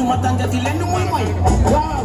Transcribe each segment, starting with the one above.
suma tànkati lenn mooy mooy waaw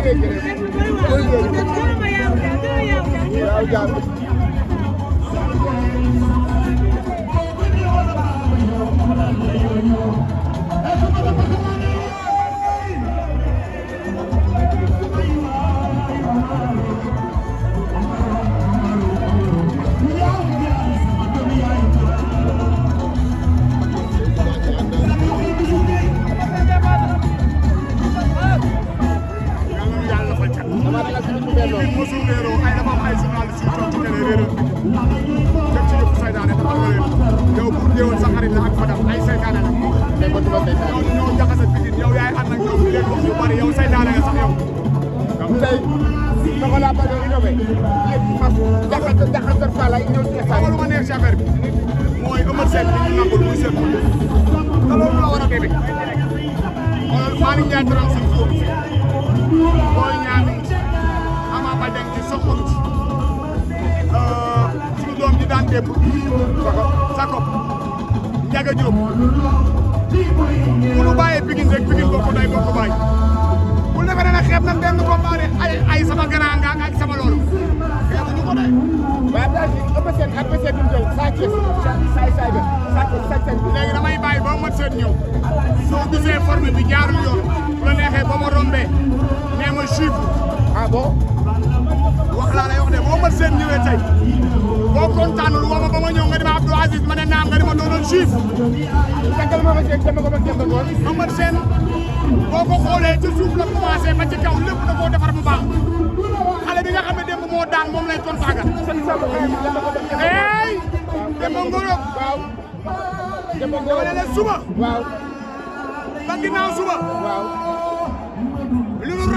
இருக்கிறது jàdduram si fóot Boy Niang Ama Baldé ci soxorut suñu doom ñi daan dépp Jacob Ndiaga Diop bu nu bàyyee Pikine rek Pikine boo ko doy boo ko bàyyi bu defee ne nag xeeb ay ay sama grand nga ak sama loolu xeebuñu ko doy mu jël saa kees saay saay ba soo gisee forme bi jaarul yoon la neexee ba ma rombee nee ma chiffre ah de boo ma seen tey boo kontaanul woo ma ba ma nga di ma Abdou Aziz ma ne naam nga di ma doonoon chiffre. fekkal boo ko xoolee suuf la commencé ba ci kaw lépp da koo defar bu baax xale bi nga xam moo daan moom lay kontaagal. seen sàmm xale bi dama ko ma suba. ba ginnaaw suba.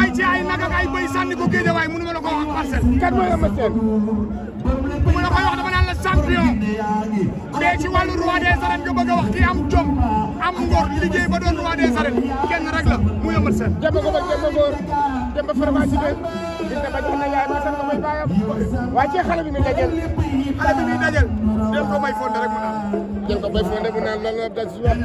fay ci ay nag ay bëy sànni géej waaye mënu ma la ko wax parcelle. kan mooy Eumeu Sène. bu ma la koy wax naan la champion. mais ci wàllu roi des arènes nga bëgg a wax ki am jom ba doon roi des arènes kenn la muy Eumeu Sène. jëmba ba jëmba góor jëmba farma ci benn gis nga bañ na yaay ma sax nga may bàyyam waaye ci xale bi muy dajal. xale may fonde rek mu naan. jël ko may mu naan lan la daj si waat.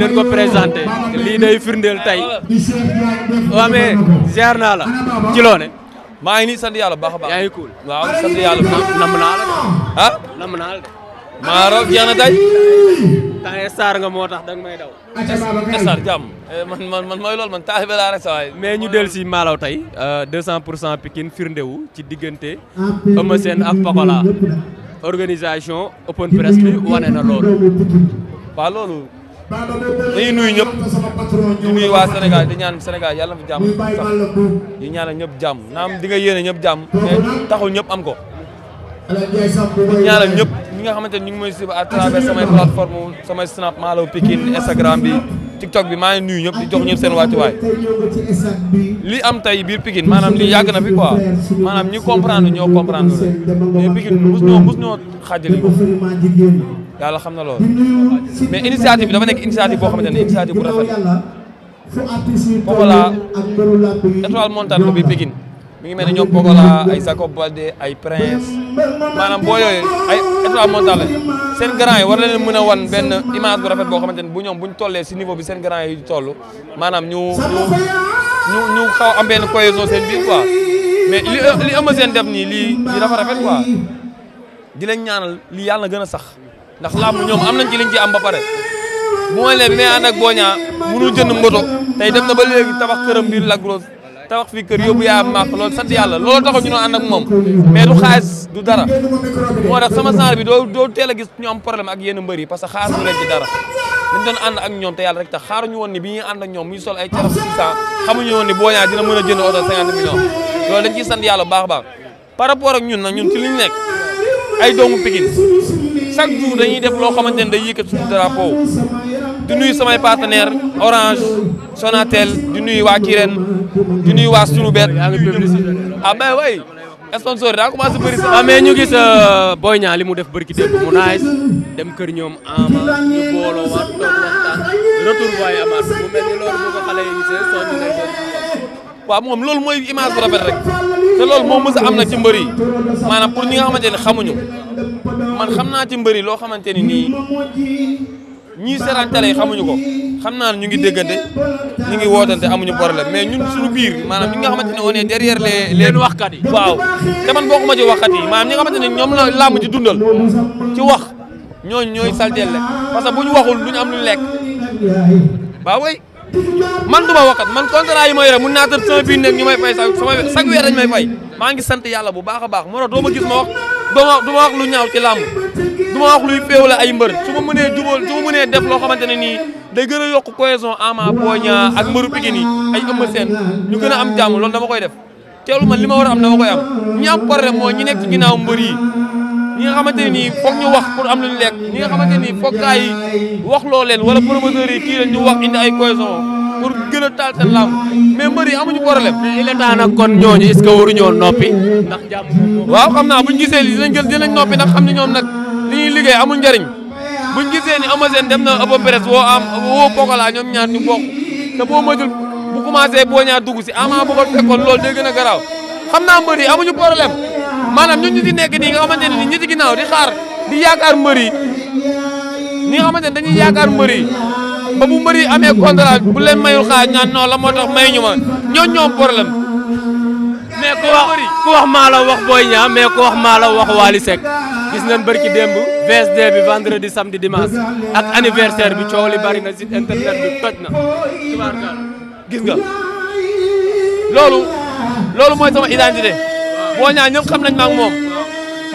leen ko présenté lii day firndeel tey waaw mais naa la ci loone maa ngi nii sant yàlla baax a baax. yaa ngi cool waaw sant yàlla nam naa la ah nam naa la de. maa raw jeex na tey. moo tax danga may daw. star eh, man man man mooy loolu man taalibe laa rek sa waay mais ñu del si Malaw tey 200 euh, pour cent Pikine firnde wu ci diggante Eumeu Sène ak Pokola organisation open press bi na loolu. loolu. dañuy nuyu ñëpp di nuyu waa Sénégal di ñaan senegal yàlla na fi jàmm sax di ñaanal ñëpp jàmm naam di nga yéene ñëpp jàmm mais ñëpp am ko. di ñaanal ñëpp ñi nga xamante ni ñu ngi may suivre à travers samay plateforme samay snap Malaw Pikine Instagram bi TikTok bi maa ngi nuyu ñëpp di jox ñëpp seen wàccuwaay lii am tey biir Pikine maanaam li yàgg na fi quoi maanaam ñi comprendre ñoo comprendre la mais Pikine mus ñoo mus ñoo xaajal yàlla xam na loolu mais initiative bi dafa nekk initiative boo xamante ne initiative bu rafet Pokola étoile montane bi Pikine mi ngi mel ni ñoom Pokola ay Jacob Baldé ay Prince maanaam boo yooyu ay étoile montane seen grand yi war na leen mën a wan benn image bu rafet boo xamante ne bu ñoom bu ñu tollee si niveau bi seen grand yi toll maanaam ñu ñu ñu xaw am benn cohésion seen biir quoi mais li li Eumeu Sène nii lii dafa rafet quoi di leen ñaanal lii yàlla gën a sax ndax lamb ñom amnañ ci liñ ci am ba paré mo le bi may ak boña mënul jënd moto tay dem na ba légui tabax kërëm biir la gros tabax fi kër yóbbu yaa màq lool sant yalla lool taxu ñu and ak mom mais lu xaas du dara mo tax sama sar bi do do téla gis ñu am problème ak yeen mbeuri parce que xaar du leen ci dara dañ doon and ak ñom te yalla rek tax xaar ñu won ni bi ñuy and ak ñom muy sol ay caraf 600 xamu ñu won ni boña dina mëna jënd auto 50 millions lool dañ ci sant yàlla baax baax par rapport ak ñun nak ñun ci liñ nek ay doomu Pikine chaque jour dañuy def loo xamante ne day yëkkat suñu drapeau di somay samay partenaire Orange Sonatel di nuyu waa Kirène di nuyu waa Sunubet ah ben way sponsor daa commencé bëri sax ah, mais ñu gis euh, Boy Niang li mu def bërki démb mu naaj dem kër ñoom ama ñu booloo waat toog waxtaan ko xale yi gisee soo ñu waaw moom loolu mooy image am na ci mbër yi maanaam ñi nga xamante ne xamuñu man xamna ci mbeuri lo xamanteni ni ñi ñii seetaan xamuñu ko xamna ñu ngi déggante ñi ngi wootante amuñu problème mais ñun suñu biir manam ñi nga xamanteni on est derrière les les waxkat yi. waaw te man bokuma ci waxkat yi manam ñi nga xamanteni ñom la lamb ci dundal ci wax ñooñu ñooy salteel la parce que buñu waxul duñ am lu lek ba way man duma waxat man contrat yi ma yore mën na tër sama biir nek ñu may fay sax sama chaque weer dañ may fay ma ngi sante yalla bu baaxa baax mo do ma gis ma wax. duma wax lu ñaaw ci làmb wax luy féewale ay mbër su ma mënee jubal su ma mënee def loo xamante ne nii day gën a yokk cohésion Ama Boy Niang ak mbëru Pikine yi ay Eumeu Sène ñu gën a am jàmm loolu dama koy def teelu man li ma war am dama koy am ñi am problème mooy ñi nekk ci ginnaaw mbër yi ñi nga xamante ne nii foog ñu wax pour am lu ñu lekk ñi nga xamante ne nii foog gars wax loo leen wala promoteurs yi kii la ñu wax indi ay cohésion pour gën a taal seen làmb mais mbër yi amuñu problème. mais il est temps nag kon ñooñu est ce que waruñoo noppi ndax jàpp waaw xam naa buñ gisee lii dinañ gën dinañ noppi nag xam ne ñoom nag li ñuy liggéey amul njëriñ buñ gisee ni Amazone dem na ëpp presse woo am woo Pokola ñoom ñaar ñu bokk te boo majul bu commencé boo ñaar dugg si ama bu ko fekkoon loolu day gën a garaaw xam naa mbër yi amuñu problème maanaam ñun ñu si nekk nii nga xamante ne nii ñi ci ginnaaw di xaar di yaakaar mbër yi ñi nga xamante ne dañuy yaakaar mbër ba bu mbëri amee contrat bu leen mayul xaaj ñaan non la moo tax mayuñu ma ñoo ñoom problème mais ku wax ku wax maa la wax Boy Niang mais ku wax maa la wax Wally Seck gis nañ barki démb VSD bi vendredi samedi ak anniversaire bi coow li bari na site internet bi toj na gis nga loolu loolu mooy sama identité Boy Niang ñëpp xam nañ ma ak moom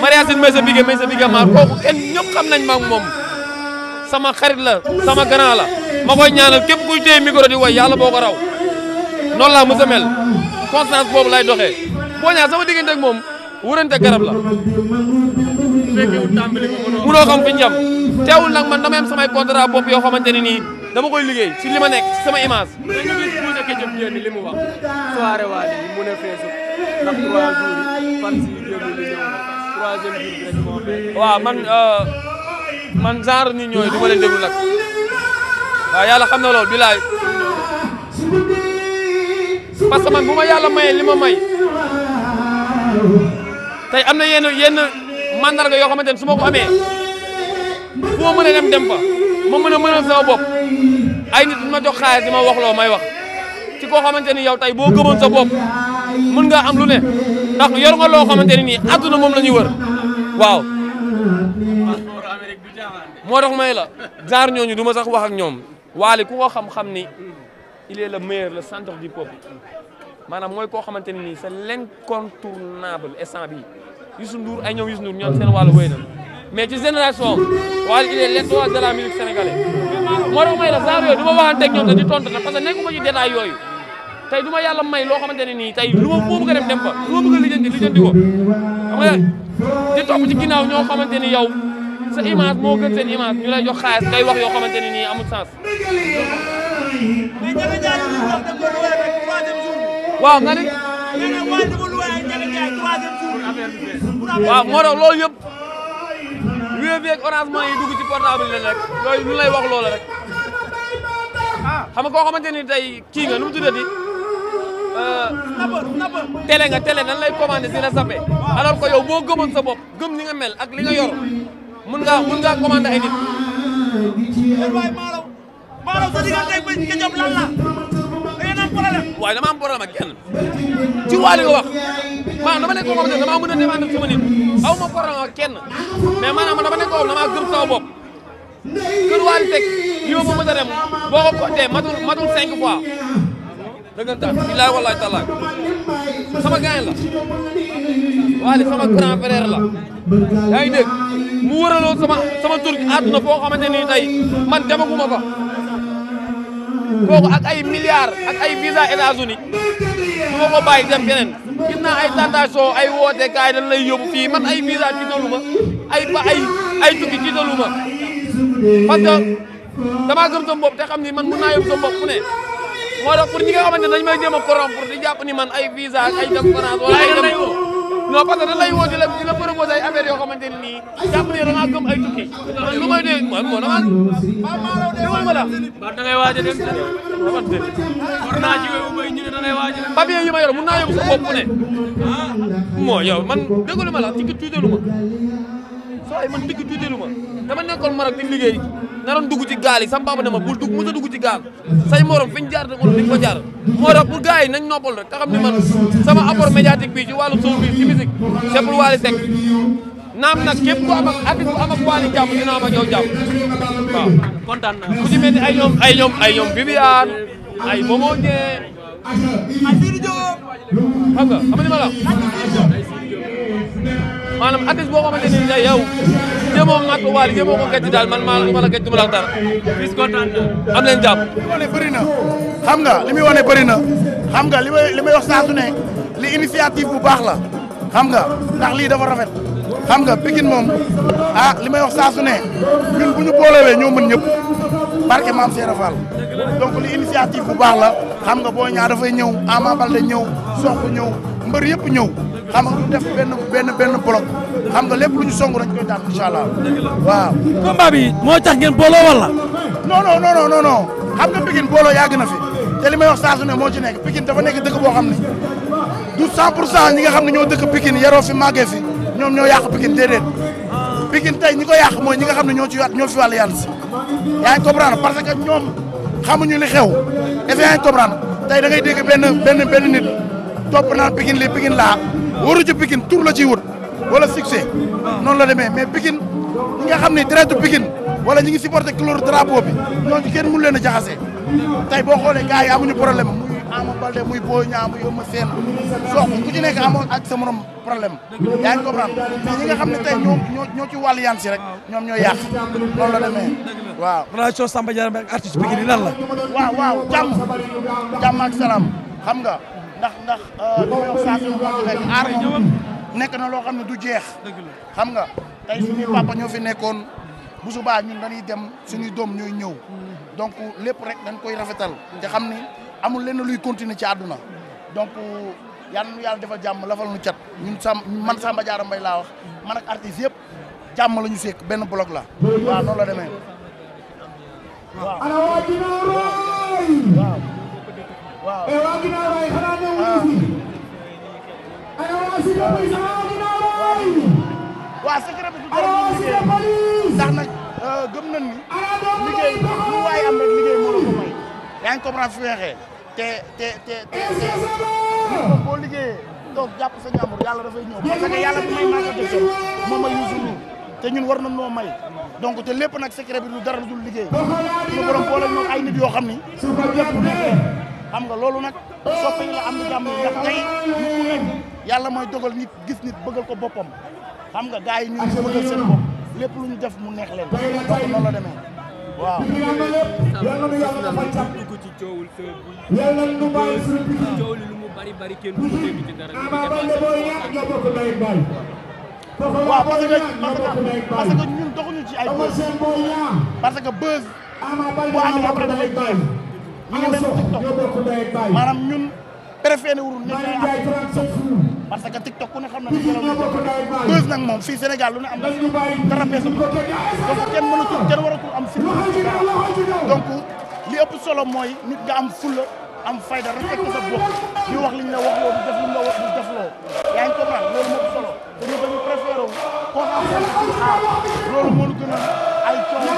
mariage in may sa bigé may kooku kenn ñëpp xam nañ ma ak moom sama xarit la sama grand la ma koy ñaanal képp kuy téye micro di way yàlla boo ko raw noonu laa mos a mel constance boobu lay doxee boo ñaar sama diggante ak moom wurante garab la munoo xam fi ñu jam teewul nag ma dama am samay contrat bopp yoo xamante ne nii dama koy liggéey si li ma nekk ci sama image li mu li mu ne feesu ndax trois jours fan si jóge li ñëw troisième man euh, man genre nit ñooy du ma leen déglu nag waaw yàlla xam na lool bilaay parce que man bu ma yàlla mayee li ma may tey am na yenn yenn mandarga yoo xamante ne su ma ko amee foo mën a dem dem fa ma mën a mënal sama bopp ay nit ma jox xaalis di ma wax loo may wax ci koo xamante ni yow tey boo gëmoon sa bopp mën ngaa am lu ne ndax yor nga loo xamante ne nii àdduna moom la ñuy wër waaw. moo tax may la jaar ñooñu du ma sax wax ak ñoom waali ku ko xam-xam ni il est le meilleur le centre du peuple maanaam mooy koo xamante ni nii c'est l'incontournable instant bi Youssou Ndour ay ñoom Youssou Ndour ñoom seen wàllu wéy na mais ci génération waali il est l'étoile de la musique sénégalaise moo tax may la genre yooyu du ma waxanteeg ñoom dañu tontu nag parce que nekkuma ci détail yooyu tey ma may loo xamante ne ni tey lu ma foo bëgg a dem dem fa lu ma bëgg a lijjanti lijjanti ko xam nga di topp ci ginnaaw ñoo xamante ni yow sa image moo gën seen image ñu lay jox xaalis ngay wax yoo xamante ne nii amul sens. mais Ndiaga ko loué ni. nee ci portable yi rek yooyu ñu lay wax loolu rek. koo xamante ni tey kii nga nu mu tuddati. télé nga télé nan lay commandé si la sapé alors que yow boo gëmoon sa gëm ni nga mel ak li nga yor. mun ngaa mun ngaa commandé ay nit. waay Malaw Malaw sa diggante ak Mbaye Jom lan la da ngeen am problème. waaye dama am problème ak ci waa nga wax maanaam dama nekk koo xam ne damaa mën a défendre sama ma problème ak kenn mais maanaam dama nekk koo xam ne damaa gëm sama bopp. kër waa li teg yow ma mën a dem boo ko compter matul sama gaañ la waa sama grand frère la yaa ngi mu wëraloon sama sama tur àdduna foo xamante ni tey man demaguma fa kooku ak ay milliards ak ay visa États-Unis su ma ko bàyyi dem keneen naa ay tentation ay woote kaay dañ lay yóbbu fii man ay visa jiitaluma ay ba ay ay tukki jiitaluma parce que damaa gëm sama te xam ni man mun naa yóbbu sama bopp ne moo tax pour ñi nga xamante dañ may jéem a corrompre di jàpp ni man ay visa ay dem France wala ay dem non parce que dañ lay woo di la di la proposé a affaires yoo xamante ne nii jàpp ne da ngaa gëm ay tukki man lu may dee man moo da ngaa déggoo ma la. ba da ngay waaj a dem te war naa ñu ne da ngay waaj a dem. papier ne ah. moo yow man déggoo ma la ci tuutalu ma. waaye man digg tuuteelu ma dama nekkoon Maroc di liggéey naroon dugg ci gaal yi sama papa ne ma bul dugg mos a dugg ci gaal say morom fi ñu jaar da nga ko fa jaar moo tax pour gars yi nañ noppal rek te xam ne man sama apport médiatique bi ci wàllu son bi ci musique c'est pour Wally Seck naam nag képp ku am ak artiste bu am ak Wally jàmm dina am ak yow jàmm waaw kontaan naa ku ci mel ni ay ñoom ay ay ñoom ay Momo manam atis bo xamanteni ni yow jëmoo ngat wal jëmoo ko gerte dal man mala wala gerte mu la tar bis kontaan am leen japp li muy wane na xam nga limi woné bari na xam nga li may wax saa ne li initiative bu baax la xam nga ndax li dafa rafet. xam nga Pikine moom a ah, li may wax saa su ne ñun bu ñu boolewee ñoo mën ñëpp barke maam Seera Fall donc li initiative bu baax la xam nga boo ñaa dafay ñëw Ama Baldé ñëw Sokh ñëw mbër yëpp ñëw xam nga du def benn benn benn bloc xam nga lépp lu ñu song dañ koy daan incha allah waaw. combat bi moo tax ngeen booloo wala. non non non non non xam nga Pikine booloo yàgg na fi te li may wax saa su ne moo ci nekk Pikine dafa nekk dëkk boo xam ne du 100 pour cent nga xam ne ñoo dëkk Pikine yaroo ñoom ñoo yàq Pikine déedéet Pikine tey ñi ko yàq mooy ñi nga xam ne ñoo ci wàll ñoo fi wàllu yàlla si yaa ngi comprendre parce que ñoom xamuñu li xew est-ce que yaa ngi comprendre tey da ngay dégg benn benn benn nit topp naan Pikine lii Pikine laa waru ci Pikine tur la ciy wut la succès noonu la demee mais Pikine ñi nga xam ne traité Pikine wala ñi ngi supporté couleur drapeau bi ñooñu kenn mënu leen a jaxase tey boo xoolee gars yi amuñu problème Ama Baldé muy Boy Niang muy Eumeu Sène sox ku ci nekk amoon ak sa problème yaa ñi nga xam ne tey ñoo ci wàllu yan rek ñoom ñoo yàq loolu la demee waaw relation Samba Diarra ak artiste bi ni lan la waaw waaw jàmm jàmm ak salaam xam nga ndax ndax damay euh, wax saa su ma ci nekk nekk na loo xam ne du jeex xam nga tey suñuy papa ñoo fi nekkoon bu subaa ñun dañuy dem suñuy doom ñooy ñëw donc lépp rek dañ koy rafetal te ni amul lenn luy continuer ci àdduna donc yal na defal jàmm lafal nu cat ñun sam man Samba Diarra laa wax man ak artistes yëpp jàmm lañu ñu seek benn bloc la waaw noonu la demee ana waa waaw waaw eh, waa Ginaaw Rail xanaa ne wuñu fi ana ah. ana waa bi ana waa Cité Police ndax nag euh, ko te te te te boo liggéeyee donc jàpp sa ñaamur yàlla dafay ñëw parce yàlla bu may maa ko ma moom may yuusu te ñun war na noo may donc te lépp nag secret bi du dara dul liggéey suñu borom boole ñoom ay nit yoo xam ni lépp xam nga loolu nag soppe yi la am na jàmm ndax tey yàlla mooy dogal nit gis nit bëggal ko boppam xam nga gars yi ñu bëggal seen bopp lépp lu ñu def mu neex leen la demee waaw yàlla na yàlla defal jàmm yàlla nu bàyyi suñu biti coow li lu mu bari bari kenn du ko dégg ci dara Ama Baldé booy ñaar ñoo bokk ndey ak baay waaw parce que parce que ñun doxuñu ci ay buzz parce que buzz Ama Baldé ñoo bokk ndey ak baay maanaam ñun préféré wul nit ñi parce que TikTok ku ne xam na ne buzz nag moom fii Sénégal lu ne am dara beesul donc kenn mënatul kenn waratul am fii donc li ëpp solo mooy nit nga am fulla am fayda respecté sa bopp di wax liñ la wax loo du liñ la wax du def loo yaa loolu moo solo ne ah loolu moo gën a ay coono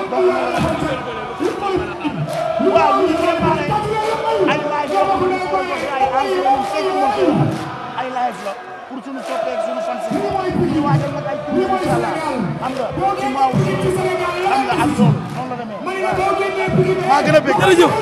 amul waaw ñu ngi préparé ay live la la pour suñu soppeeku suñu fan si ñu waajal nag ay tur incha allah xam nga ci maaw xam nga ak loolu la demee maa gën a bëgg jërëjëf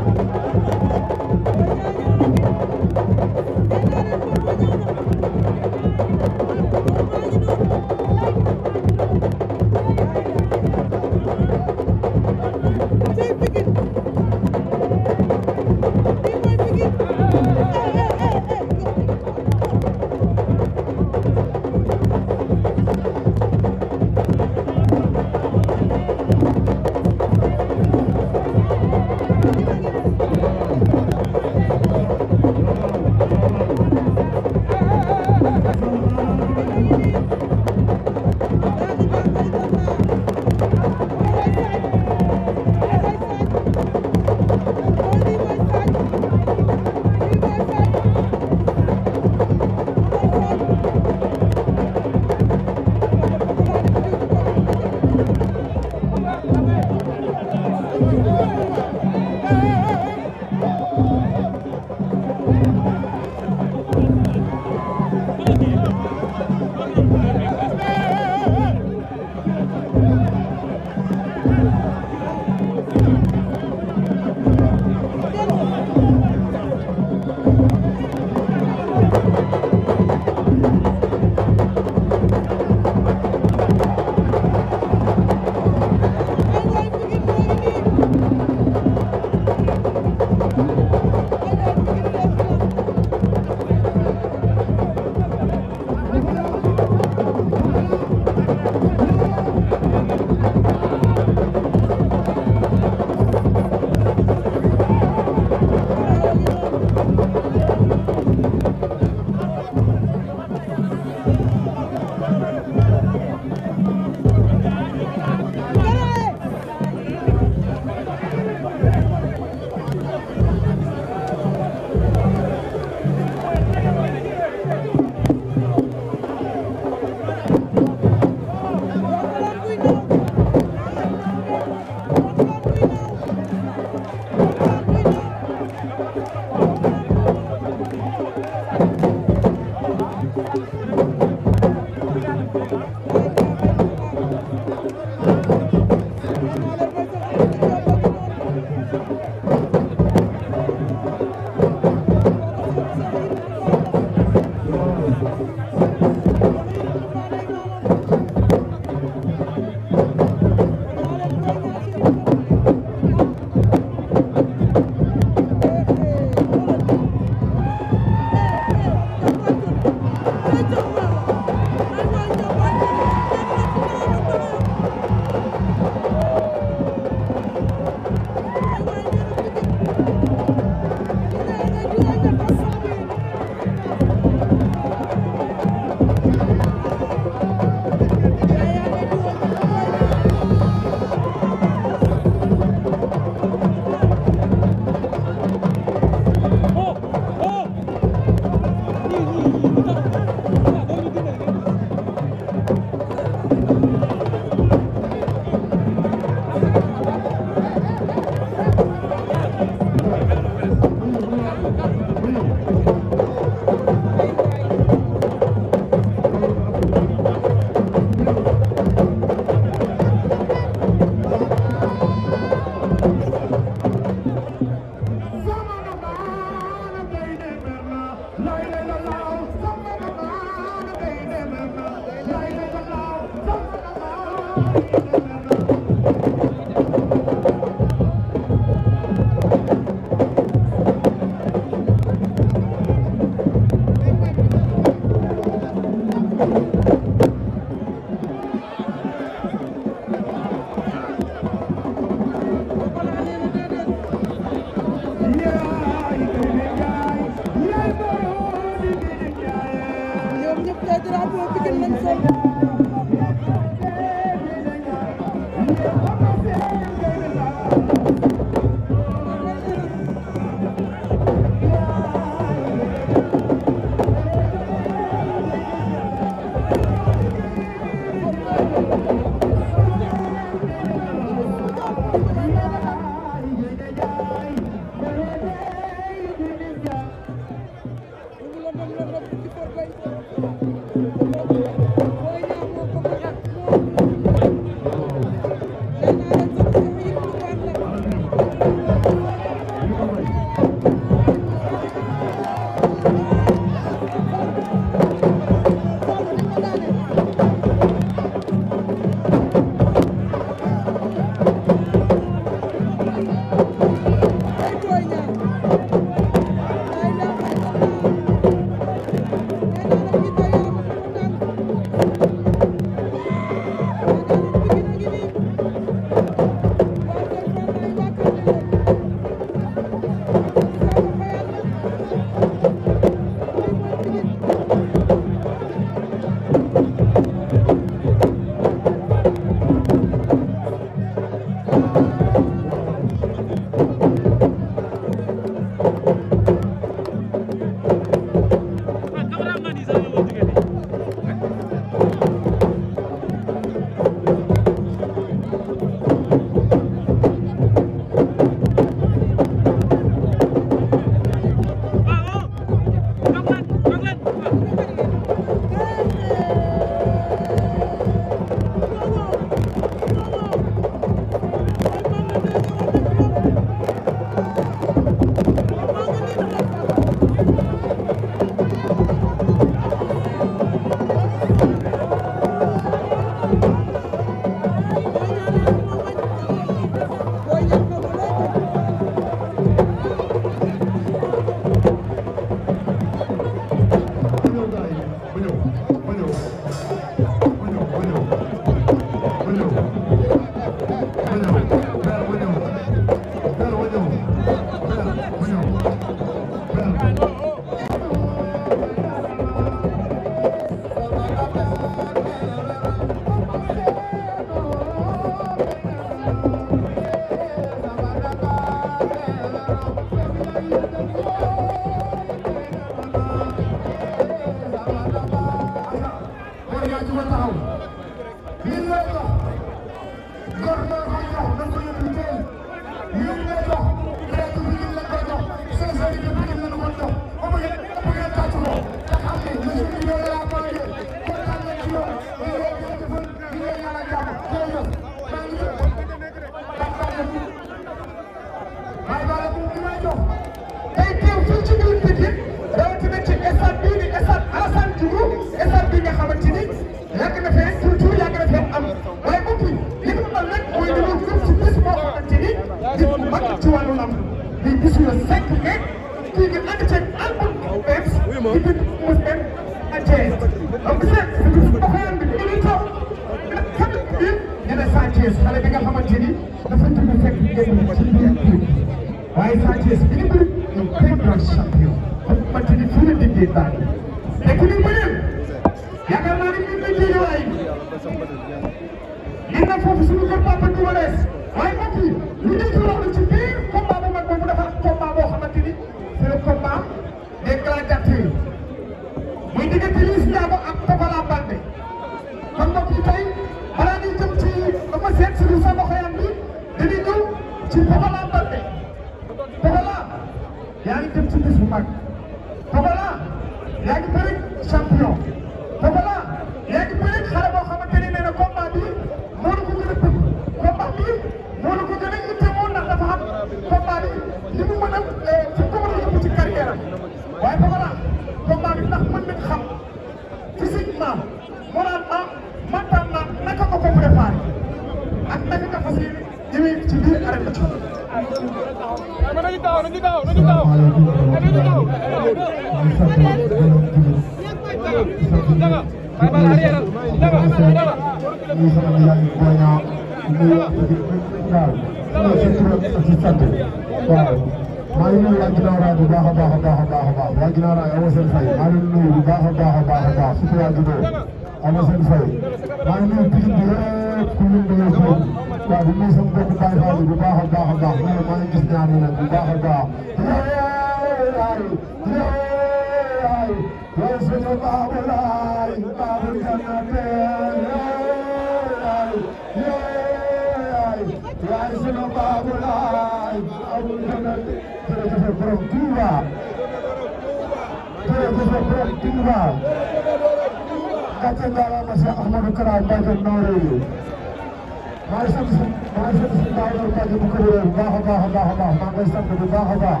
may sant bu baax a baax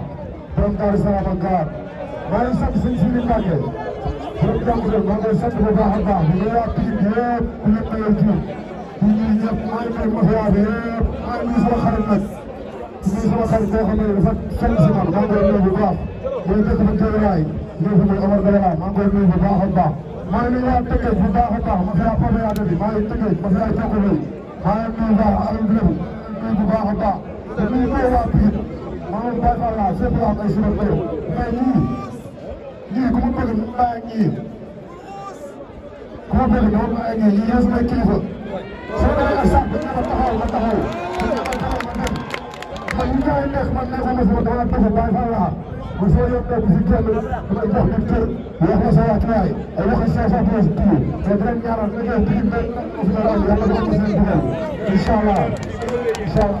borom Daaru Salaam ak Gaar maa ngi sant sëñ Sidi Mbacke borom Jàmbur maa ngi sant bu baax a baax bu ñu waa Pikine yëpp ku leen mayal jiw ñu ñuy ñëpp maa ngi may mafia bi yëpp maa ngi sama xarit nag ñu sama xarit boo xam ne dafa sonn si man maa ngi koy nuyu bu baax mooy dëkk bu Géejawaay ñëw fi muy Omar Dara maa ngi koy nuyu bu baax a baax maa ngi nuyu waa Tëngéej bu baax a baax mafia Pamaya bi maa ngi Tëngéej mafia Jokalante maa ngi nuyu waa Alioune Diouf nuyu bu baax a baax te nuyu waa Pikine moom Baye Fall fépp laa koy supporter mais ñii ñii ku ma bëgg ñu bàyyi ak ñii ku ma bëgg dama bàyyi ak ñii ñii yéen samay kilifa soo demee ak sax dañu war taxaw ma taxaw dañu war taxaw ma dem man ñu jaay neex man neexuma sama dama defu Baye Fall laa bu soo yokkee bu si kenn dama jox nit kër wax ma sa wàccuwaay ay waxi cinq cent pièces bii mais dinañ ñaanal nga jël bii mais nag ma fi la raw yàlla dama ko seen dugal incha allah incha allah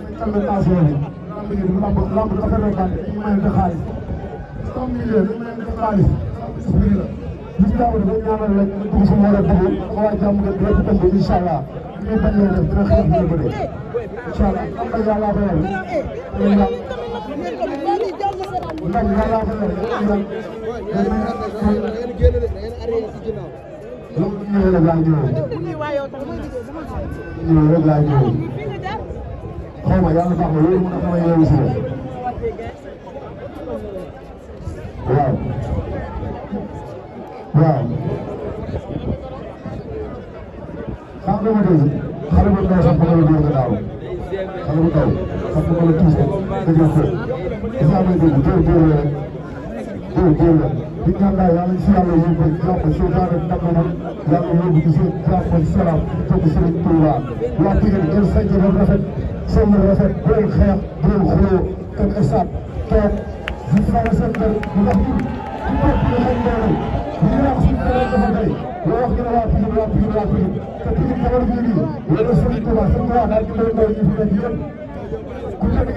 invitation yi. lamb ji lamb lamb dafa nekkaat dañu mayante xaalis. cent millions dañu mayante xaalis. esprit la. bis daaw dafa ñaanal rek ñu dugg fu mu war a dugg. waa jàmm nga def ko tënk incha allah. ñu bañ leen def dina xeex ñu bëri. incha allah am na yàlla fa yor. ndax yàlla fa yor dañuy nag. loolu ñu ngi rek laa ñëw. ñu ngi rek laa ñëw. xaw ma yàlla baax na loolu mën a sama yeewu si waaw waaw xam nga ma dégg xale bu ndaw sax bëgg na nga daaw xale bu ndaw sax bëgg na tuus nga jël góor góor la di ñaan daal yàlla si yàlla yóbbu jàpp seytaane ndam na yàlla yóbbu ci seen jàpp salaam toog Sëriñ Tuuba waa Pikine jël sanc ba rafet seen rafet bu leen xeex bu leen xuloo toog esat toog di faale seen kër ndax wax suñu wax ñu ne waa Pikine waa Pikine waa Pikine te Pikine jamono bii nii yéen a Sëriñ Tuuba Sëriñ Tuuba daal di mën a ñu fi nekk yëpp ku nekk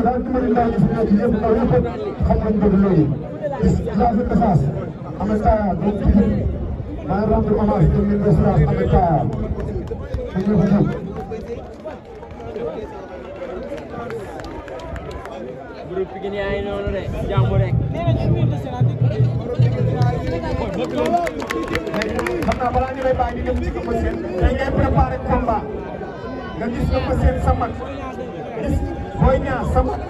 daal di xam nañ ko troisième défense Ameka donc Pikine maa ngi rendre hommage commune de Sourah Ameka ñu ngi ko ñëw. groupe Pikine yaa ngi noonu de jàmm rek. mais xam naa balaa ñu lay bàyyi ñu dem ci Eumeu Sène dañ lay préparer combat nga gis Eumeu Sène sa mag gis Boy Niang sa mag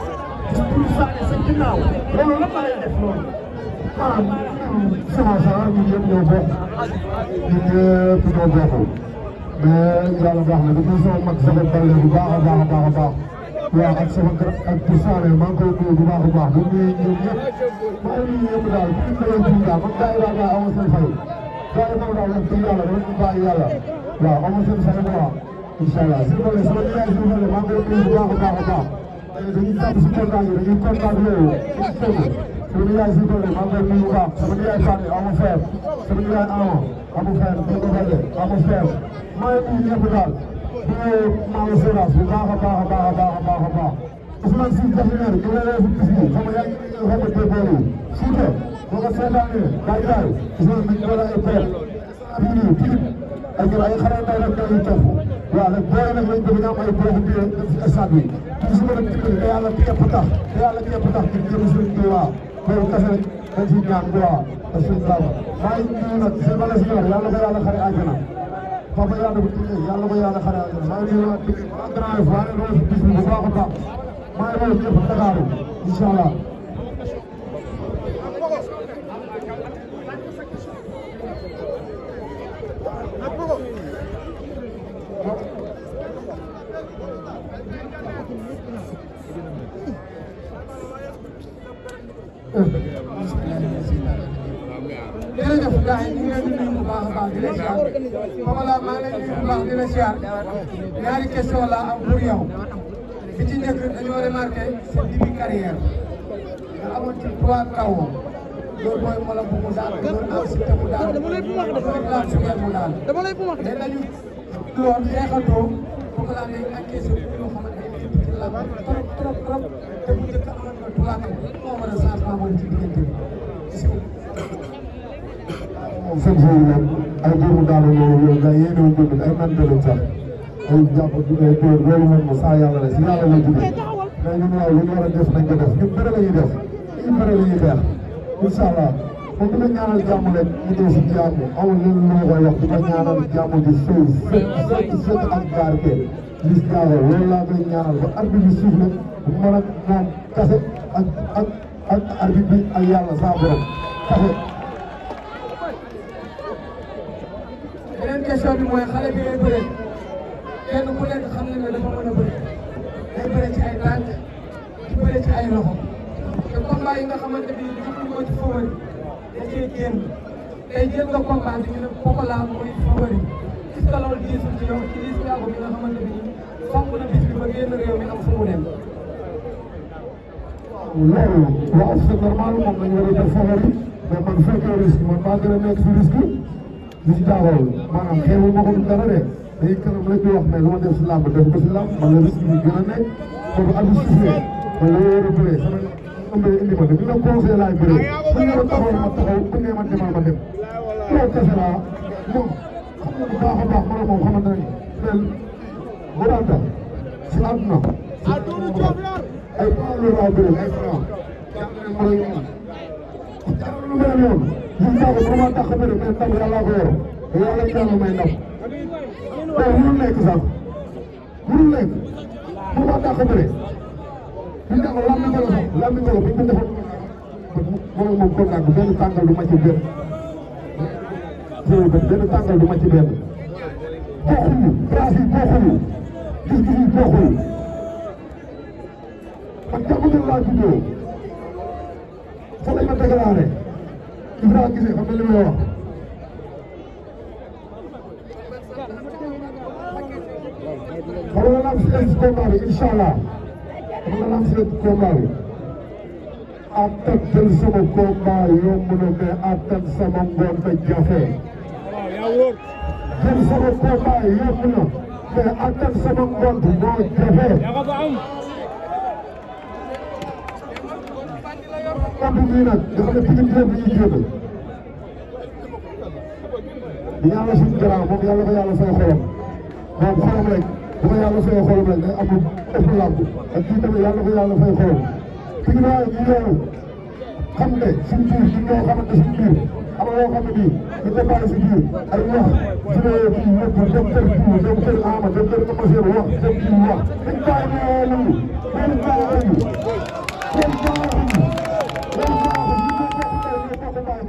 gis Doudou Sané sa ginnaaw loolu lan la lay def loolu. souvent sax ñun ñëpp ñoo bokk ñun ñëpp ñoo bokk mais yàlla baax na dañuy sama mag sama bàlle bu baax a baax a baax a baax waaw ak sama ak pour saare maa ngi koy nuyu bu baax a baax ñun ñëpp ñoom ñëpp maa ngi nuyu ñëpp daal ku nekk nañu daal man gars yi daal daal amoo seen fay gars yi moom daal dañ ciy yàlla dañ ciy bàyyi yàlla waaw amoo seen fay quoi incha allah si bële sama yaay si bële maa ngi koy nuyu bu baax a baax a baax dañuy jàpp si kontaan yi dañuy kontaan yooyu sama nijaay si Dodo maa ngi koy nuyu bu baax sama nijaay Fane amu feer sama nijaay Awa amu feer Dodo Bade amu feer maa ngi nuyu ñëpp daal di nuyu maa ngi séeraas bu baax a baax a baax a baax a baax a baax Ousmane Sy Jafiner ñu ne leen fi gis nii xam nga yaa ngi nuyu xam nga déggoo yi suute boo ko seetaanee daay daay Ousmane bi ñu doon ay peer ak ñu tiit ak ñu ay xarala day rek day topp waaw nag boo nag lañ bëgg ñu am ay boobu bi ci stade bi toujours nag dimbali te yàlla képp tax te yàlla képp tax di jëm Sëriñ Tuubaa loolu kese rek dañ ciy ñaan bu baax te suñu daaw maa ngi nuyu nag seen bala si ñor yàlla ko yàlla xare àjjana papa yàlla bu tukkee yàlla ko yàlla xare àjjana maa ngi nuyu nag waa Grand Yoff waa ne loolu bis bi bu baax a baax maa ngi nuyu ñëpp Dakar incha allah gaa yi ñu ngi leen di a baax la siyaar Fapal maa ngi lay nuyu bu baax di la siyaar ñaari question laa am pour yow bi ci njëkk dañoo remarqué sa début carrière nga amoon ci trois kawoo loolu mooy mala bu mu daal loolu am si te mu mu daal mais dañu lool neexatoo foog laa ne ak question bi trop trop trop moo mën a changement mooy ci diggante chaque jour yéen ay doomu daara loolu yéen gars yéen a ngi dund ay mante lañ sax ay jàpp ay dóor loolu moom moom saa yàlla la si yàlla la jógee mais ñun waaw lu ñu war a def nañ ko def ñun bëri la ñuy def ñun bëri la ñuy xeex incha allah moom dina ñaanal jàmm rek ñu dee si jàmm amul lenn lu ma koy wax dina ñaanal jàmm di sëy sëkk sëkk ak barke gis jaaxal loolu laa koy ñaanal ba arbitre bi suuf la mën ak moom kase ak ak ak arbitre bi ak yàlla saa borom kase beneen question bi mooy xale bi ngay bëre kenn ku nekk xam na ne dafa mën a bëre day bëre ci ay tànk di bëre ci ay loxo te combat yi nga xamante ni jublu ci favori da cee génn tey jël nga combat bi ñu ne Pokola mooy favori est-ce que loolu diisul ci yow ci diis yàggu bi nga xamante ni fonk na bis bi ba génn réew mi am fu mu dem. loolu waaw c'est normal moom la ñu war a def favori mais man fekkee risque man maa gën a nekk si risque. duñ taxawal maanaam xeebu ma ko du dara de dañuy kanam rek di wax ne lu ma def si làmb def ko si làmb wala risque bi gën a nekk foofu abis suufé wala loolu war a bëree sama ëmb indi ma de bi la conseil laay bëree bu ñu la taxawal ma taxaw bu nee ma demal ma dem loolu kese laa moom xam nga bu baax a baax ma ne moom xamante ne mel waranta si àdduna ay paa lu laa bëree ay franc jàpp ne mën a yoon jàpp ne lu mel yoon ñun boobu bu ma tax a bëri mais taw yàlla ko yor yàlla jàmm may ndam tey mënul nekk sax mënul nekk bu ma tax a bëri ñu la ko sax bu ñu defoon moom moom contact benn ma ci benn benn tàngal du ma ci benn bokkul brasse yi bokkul gis-gis yi bokkul man jàmm laa juddoo fa lañ ma tegalaare Ibrahima Guissé xam nga li may wax. war na si leen si combat bi incha allah war si leen si combat bi. attan sama combat yomb na mais attan sama ngoon te jafe. jël sama combat yomb na mais attan sama ngoon moo jafe. nag dafa ne Pikine bi lañuy jéem a. yàlla suñu garaaw moom yàlla ko yàlla fay xolam moom xolam rek bu ko yàlla fay xolam rek day amul ëpp làmb ak kii tamit yàlla ko yàlla fay xolam. Pikine waaye ñu yow xam ne suñu biir ñun ñoo xamante suñu biir am na loo xam ne bii ñu dépassé si biir ay wax su ma yee fii yëpp dem kër kii dem kër Ama dem kër Amacem wax dem kii wax dañ bàyyi ñu loolu loolu bàyyi ñu loolu bàyyi ñu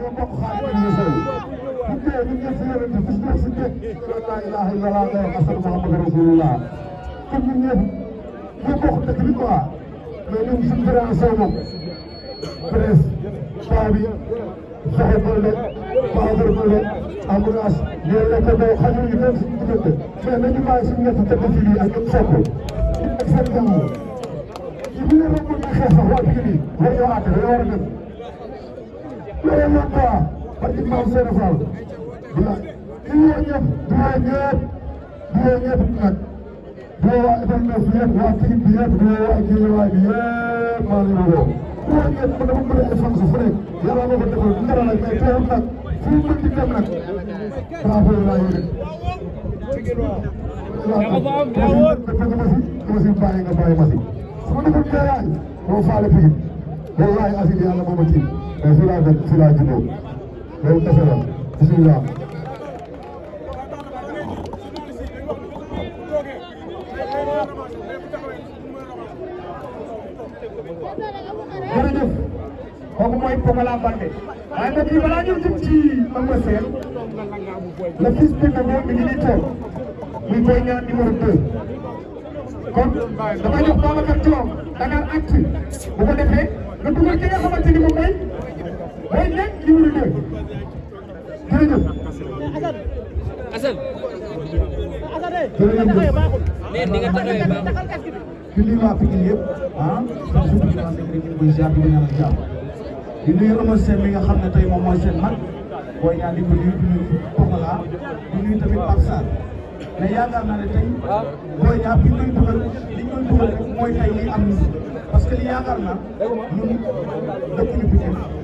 لا اله الا الله محمد رسول الله كل من يطبخ تكلمة ما يمشي فرنسا بريس طابي صاحب ملك بادر ملك امراس لان كما خلوا يدرس تكلمة فما جمع سنة التكفيري ان يمسكوا اكثر دمو يقول ربنا خاف هو الكريم هو يعطي هو يعطي loolu la quoi parce que maam Seydou Fall voilà di woo ñëpp di woo ñëpp di woo ñëpp nag di woo waa FMS bi yëpp waa Tigib bi yëpp di woo waa Guédiawaye bi yëpp maa ngi leen woo. di woo ñëpp man dama mën a échange fu nekk yàlla na ko defal dara nag mais teewul nag fu mu mën di dem nag drapeau laa yëg. Massi bàyyi nga bàyyi Massi su ma defoon Guédiawaye moo faale Tigib wallahi Asile yàlla moo ma tiim mais fii laa dëkk fii laa juddoo loolu kese la bisimilah. jërëjëf kooku mooy Pogola Baldé waaye nag kii balaa ñuy jëm ci Eumeu Sène le fils de Balla mi ngi nii toog muy Boy Niang numéro 2 kon dafay jox Babacar Thior Dakaractu bu ko defee nga dugal ki nga xamante ni moom mooy waaye lépp li mu liggéey jërëjëf. Assane. jërëjëf jërëjëf. nee na nga taxawee baaxul. di nuyu waa Pikine yëpp ah surtout di lancé crédit bi mi nga xam ne tey moom mooy seen mag booy ñaan di ko nuyu di nuyu Pokola di nuyu tamit Pape Sarr mais yaakaar ne tey booy ñaan bi ñu dugal ñu dugal rek mooy tey li am parce que li yaakaar naa ñun dëkk ñu Pikine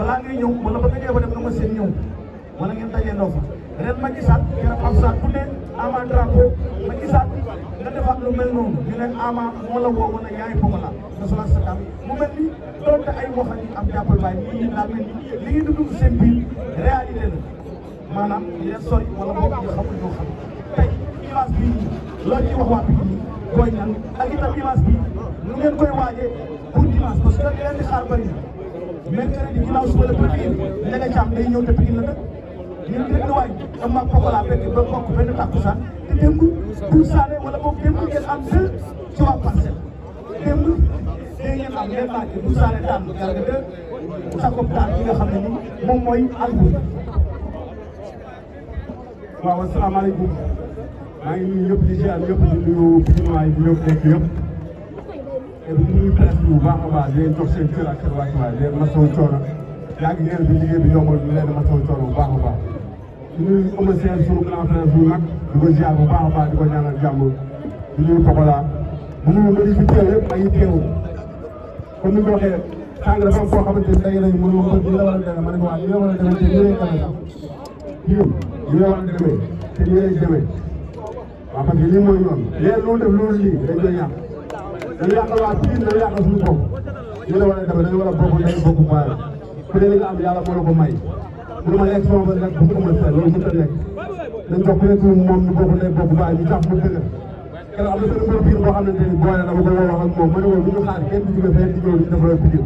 balaa ngay ñëw wala ba nga ñëw ba dem nga seen ñëw wala ngeen dajee ndaw fa ren ma gisaat keroog am saat bu ne ama ma gisaat nga defaat lu mel noonu ñu ne ama moo la woo wala yaay boobu la nga soxla sa kàmm mu mel ni doonte ay wax ak am jàppal baay nit ñi daal mel ni li ngeen di dugg seen biir réalité la maanaam yéen sori wala boobu ñu xamul ñoo xam tey image bii loolu ci wax waa bi nii booy ñan ak nu ngeen koy waajee pour dimanche parce que ngeen di xaar bëri mercredi ginnaaw suba la premier Ndiaga Thiam day ñëw te Pikine la dëkk ñun dégg waay am maag Pokola fekk ba bokk benn takkusaan te démb pour Sané wala boog démb ngeen am deux ci waa parcelle démb dee ngeen am ngeen laajte pour Sané daan Garga deux sa kopp daan ki nga xam ne ni moom mooy Albouri waaw asalaamaaleykum maa ngi nuyu ñëpp di ziar ñëpp di nuyu Pikinois yi ñëpp nekk yëpp te bu ñu presse bu baax a baax di leen jox seen kër ak seen wàccuwaay di leen masawu coono yaa ngi ngeen bi liggéey bi yombal di leen masawu coono bu baax a baax. di nuyu Eumeu Sène suñu grand frère bu mag di ko ziar bu a baax di ko ñaanal a di nuyu Pokola di nuyu mbir yi fi teew yëpp ay teewul comme ni ko waxee sànq dafa am koo xamante ko di la war a demee ma ne ko a a mooy yoon léegi loolu def loolu lii dañ koy yàq dañu yàqal waa Pikine dañu yàqal suñu bopp ñu la war a demee dañu war a bokk ndey bokk baay ku ne li nga am yàlla moo la ko may mënu ma lekk sama bët lekk bu ko mën a loolu mënut a nekk dañ jox ku nekk moom ñu bokk ndey bokk baay ñu jàpp mu dëgër kenn am na seen mbir biir boo xam ne tey boole dama ko wax ak moom ma ne ko lu ñu xaar kenn du jóge fee di ñëw ñu defaral Pikine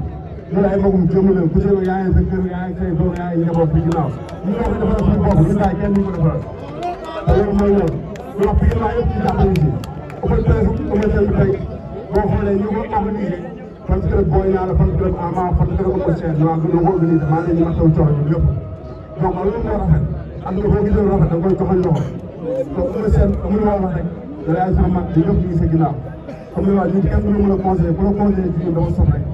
ñu ne ay magum jëmm la ku nekk yaa ngi sa kër yaa ngi say doom yaa ngi njaboot bi ginnaaw ñu ñoo ko defaral suñu bopp ñu kaay kenn du ko defaral te loolu mooy loolu ñu wax Pikine laa yëpp ñu jàppale si boo xoolee ñu ko organisé fan club Boy Niang la fan club Ama fan club Eumeu Sène ñu ko organisé maa leen ñu ma taw cox ñu lépp donc loolu moo rafet am na boo gisee rafet da koy joxal loxo te Eumeu Sène amul waa wax rek da lay sama mag di ñëpp ñu ngi sa ginnaaw comme ni ma ñu kenn mënu la conseillé ku la conseillé ci ñun dafa sof rek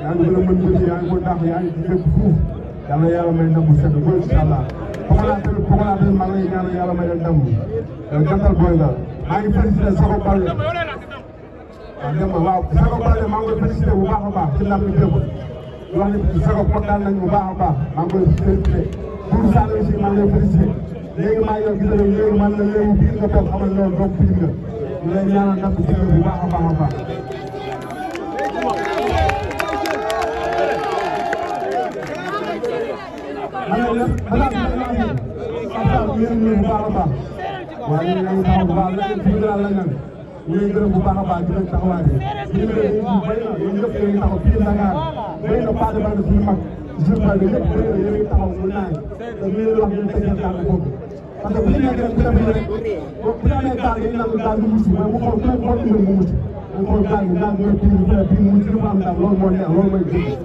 yaa ngi gën a mën jëf yaa ngi ko dàq yaa ngi ci lépp fuuf yàlla yàlla may ndam bu set góor incha allah Pokola tamit Pokola tamit maa ngi lay ñaanal yàlla may leen ndam gantal booy nga maa ngi félicité Sokone Baldé démb waaw Sago Balde isso ngi koy félicité bu você a baax ci làmb bi démb wax ni Sago kontaan nañu bu baax a baax maa ngi koy félicité Doudou Sane aussi maa você koy félicité léegi maa ngi yor gis nañu léegi man la léegi biir nga toog xamal loolu donc biir nga ñu lay ñaanal ndam ci bu baax a baax a baax. man la lépp balaa bi ma laajee. waaw você ngi lay bu baax a baax waaye ñu ngi lay bu baax a baax léegi você daal la ñu ñu ngi gërëm bu baax a baax di leen taxawaay bi ñu ngi leen di béy na yéen ñëpp yéen taxaw fii Dakar béy na pas de bande suñu mag journal bi ñëpp béy na yéen taxaw mu naaj te ñu leen wax ñu teg seen tànk foofu parce que bu ñu nekkee rek bu demee rek bu demee daal dañu naan daal di mucc mais mu xool ku nekk xool mu mucc mu xool daal di naan mooy bii mu bii mu mucc dafa am daal loolu moo neex loolu mooy dëgg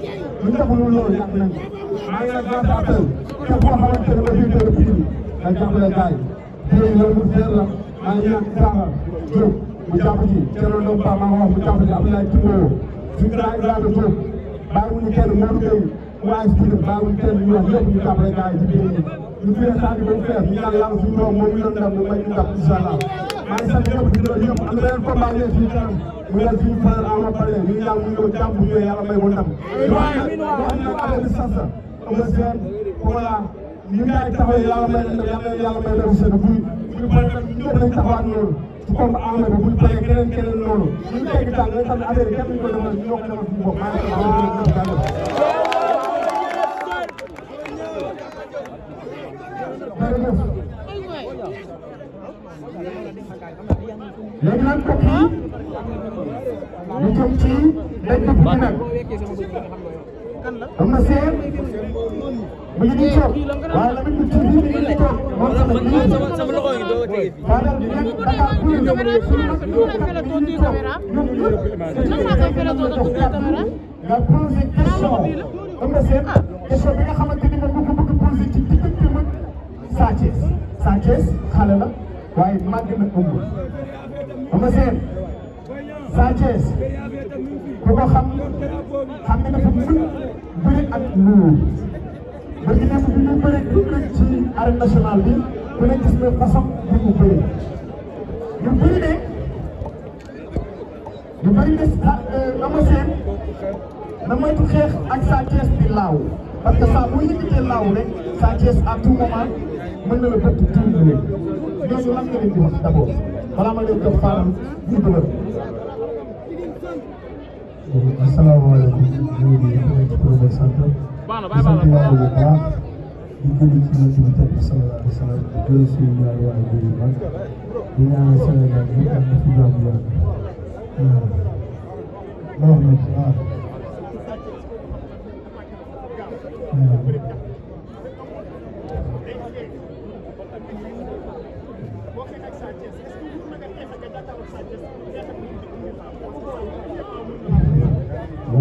bu ñu defalul loolu yàq nañ ko maa ngi leen grand appel képp koo xamante ne ba fii dëgg fii nga jàppale daal fii loolu mu seet la maa ngi ñaan Ibrahima Diop mu jàpp ci Thierno Ndom Ba maa wax mu jàpp ci Abdoulaye Timbo Zubra Ibrahima Diop bàyyiwuñu kenn Modou Gueye waaye si biir bàyyiwuñu kenn ñu wax ñëpp ñu jàppale gars yi ci biir yi ñu fiye stade bi ba mu fees ñu ñaan yàlla suñu doom moom ñu doon dem mu may ñu ndam incha allah maa ngi sant ñëpp di doon yëpp am na yeneen combat yi fii kanam mu dal suñu frère Ama Baldé ñu ngi ñaan mu ñëw jàmm bu ñëwee yàlla may ko ndam voilà ñu ngi taxaw yàlla may yàlla may dem seen buy ñu bëri nag ñëpp nañ taxawaat loolu kon Amadou bu ñu paree keneen keneen loolu ñu ngi teg tànn xam ne affaire yi kenn duñ ko defal ñu yokk defal suñu bopp maa ngi léegi nag mbokk yi ñu jëm ci benn bi nag am na seen mu ngi nii toog waaye la ñu ci biir ñu ngi toog moom tamit ñu ngi toog sama loxo yi doo tege fii waaw daal ñu ngi Dakar pour ñu ngi toog ñun ñëpp dañu leen jox kàddu nga posé question am na seen question bi nga xamante ni moom bëgg bëgg posé ci diggante mag Sa Thiès Sa Thiès xale la waaye màgg na ëmb am na seen Sa Thiès ku ko xam xam nga dafa mën bëri ak luur ba ci nekk bi ñu bëri ku nekk bi ku ne gis nga façon bi mu bëri ñu bëri ne ñu bëri ne euh, Eumeu Sène na xeex ak Sa Thiès parce saa boo yëkkatee laaw rek Sa Thiès à mën na la bëtt tuuti ñooñu lan nga leen di wax d'abord balaa ma asalaamaaleykum ñu ngi leen di leen sant di sant yàlla bu baax di ci ñoom suñu tëb sallallahu alayhi wa sallam di jël suñu ñaari waa ji yu mag di ñaanal Sénégal bi am na fi jàmm yàlla waaw wax na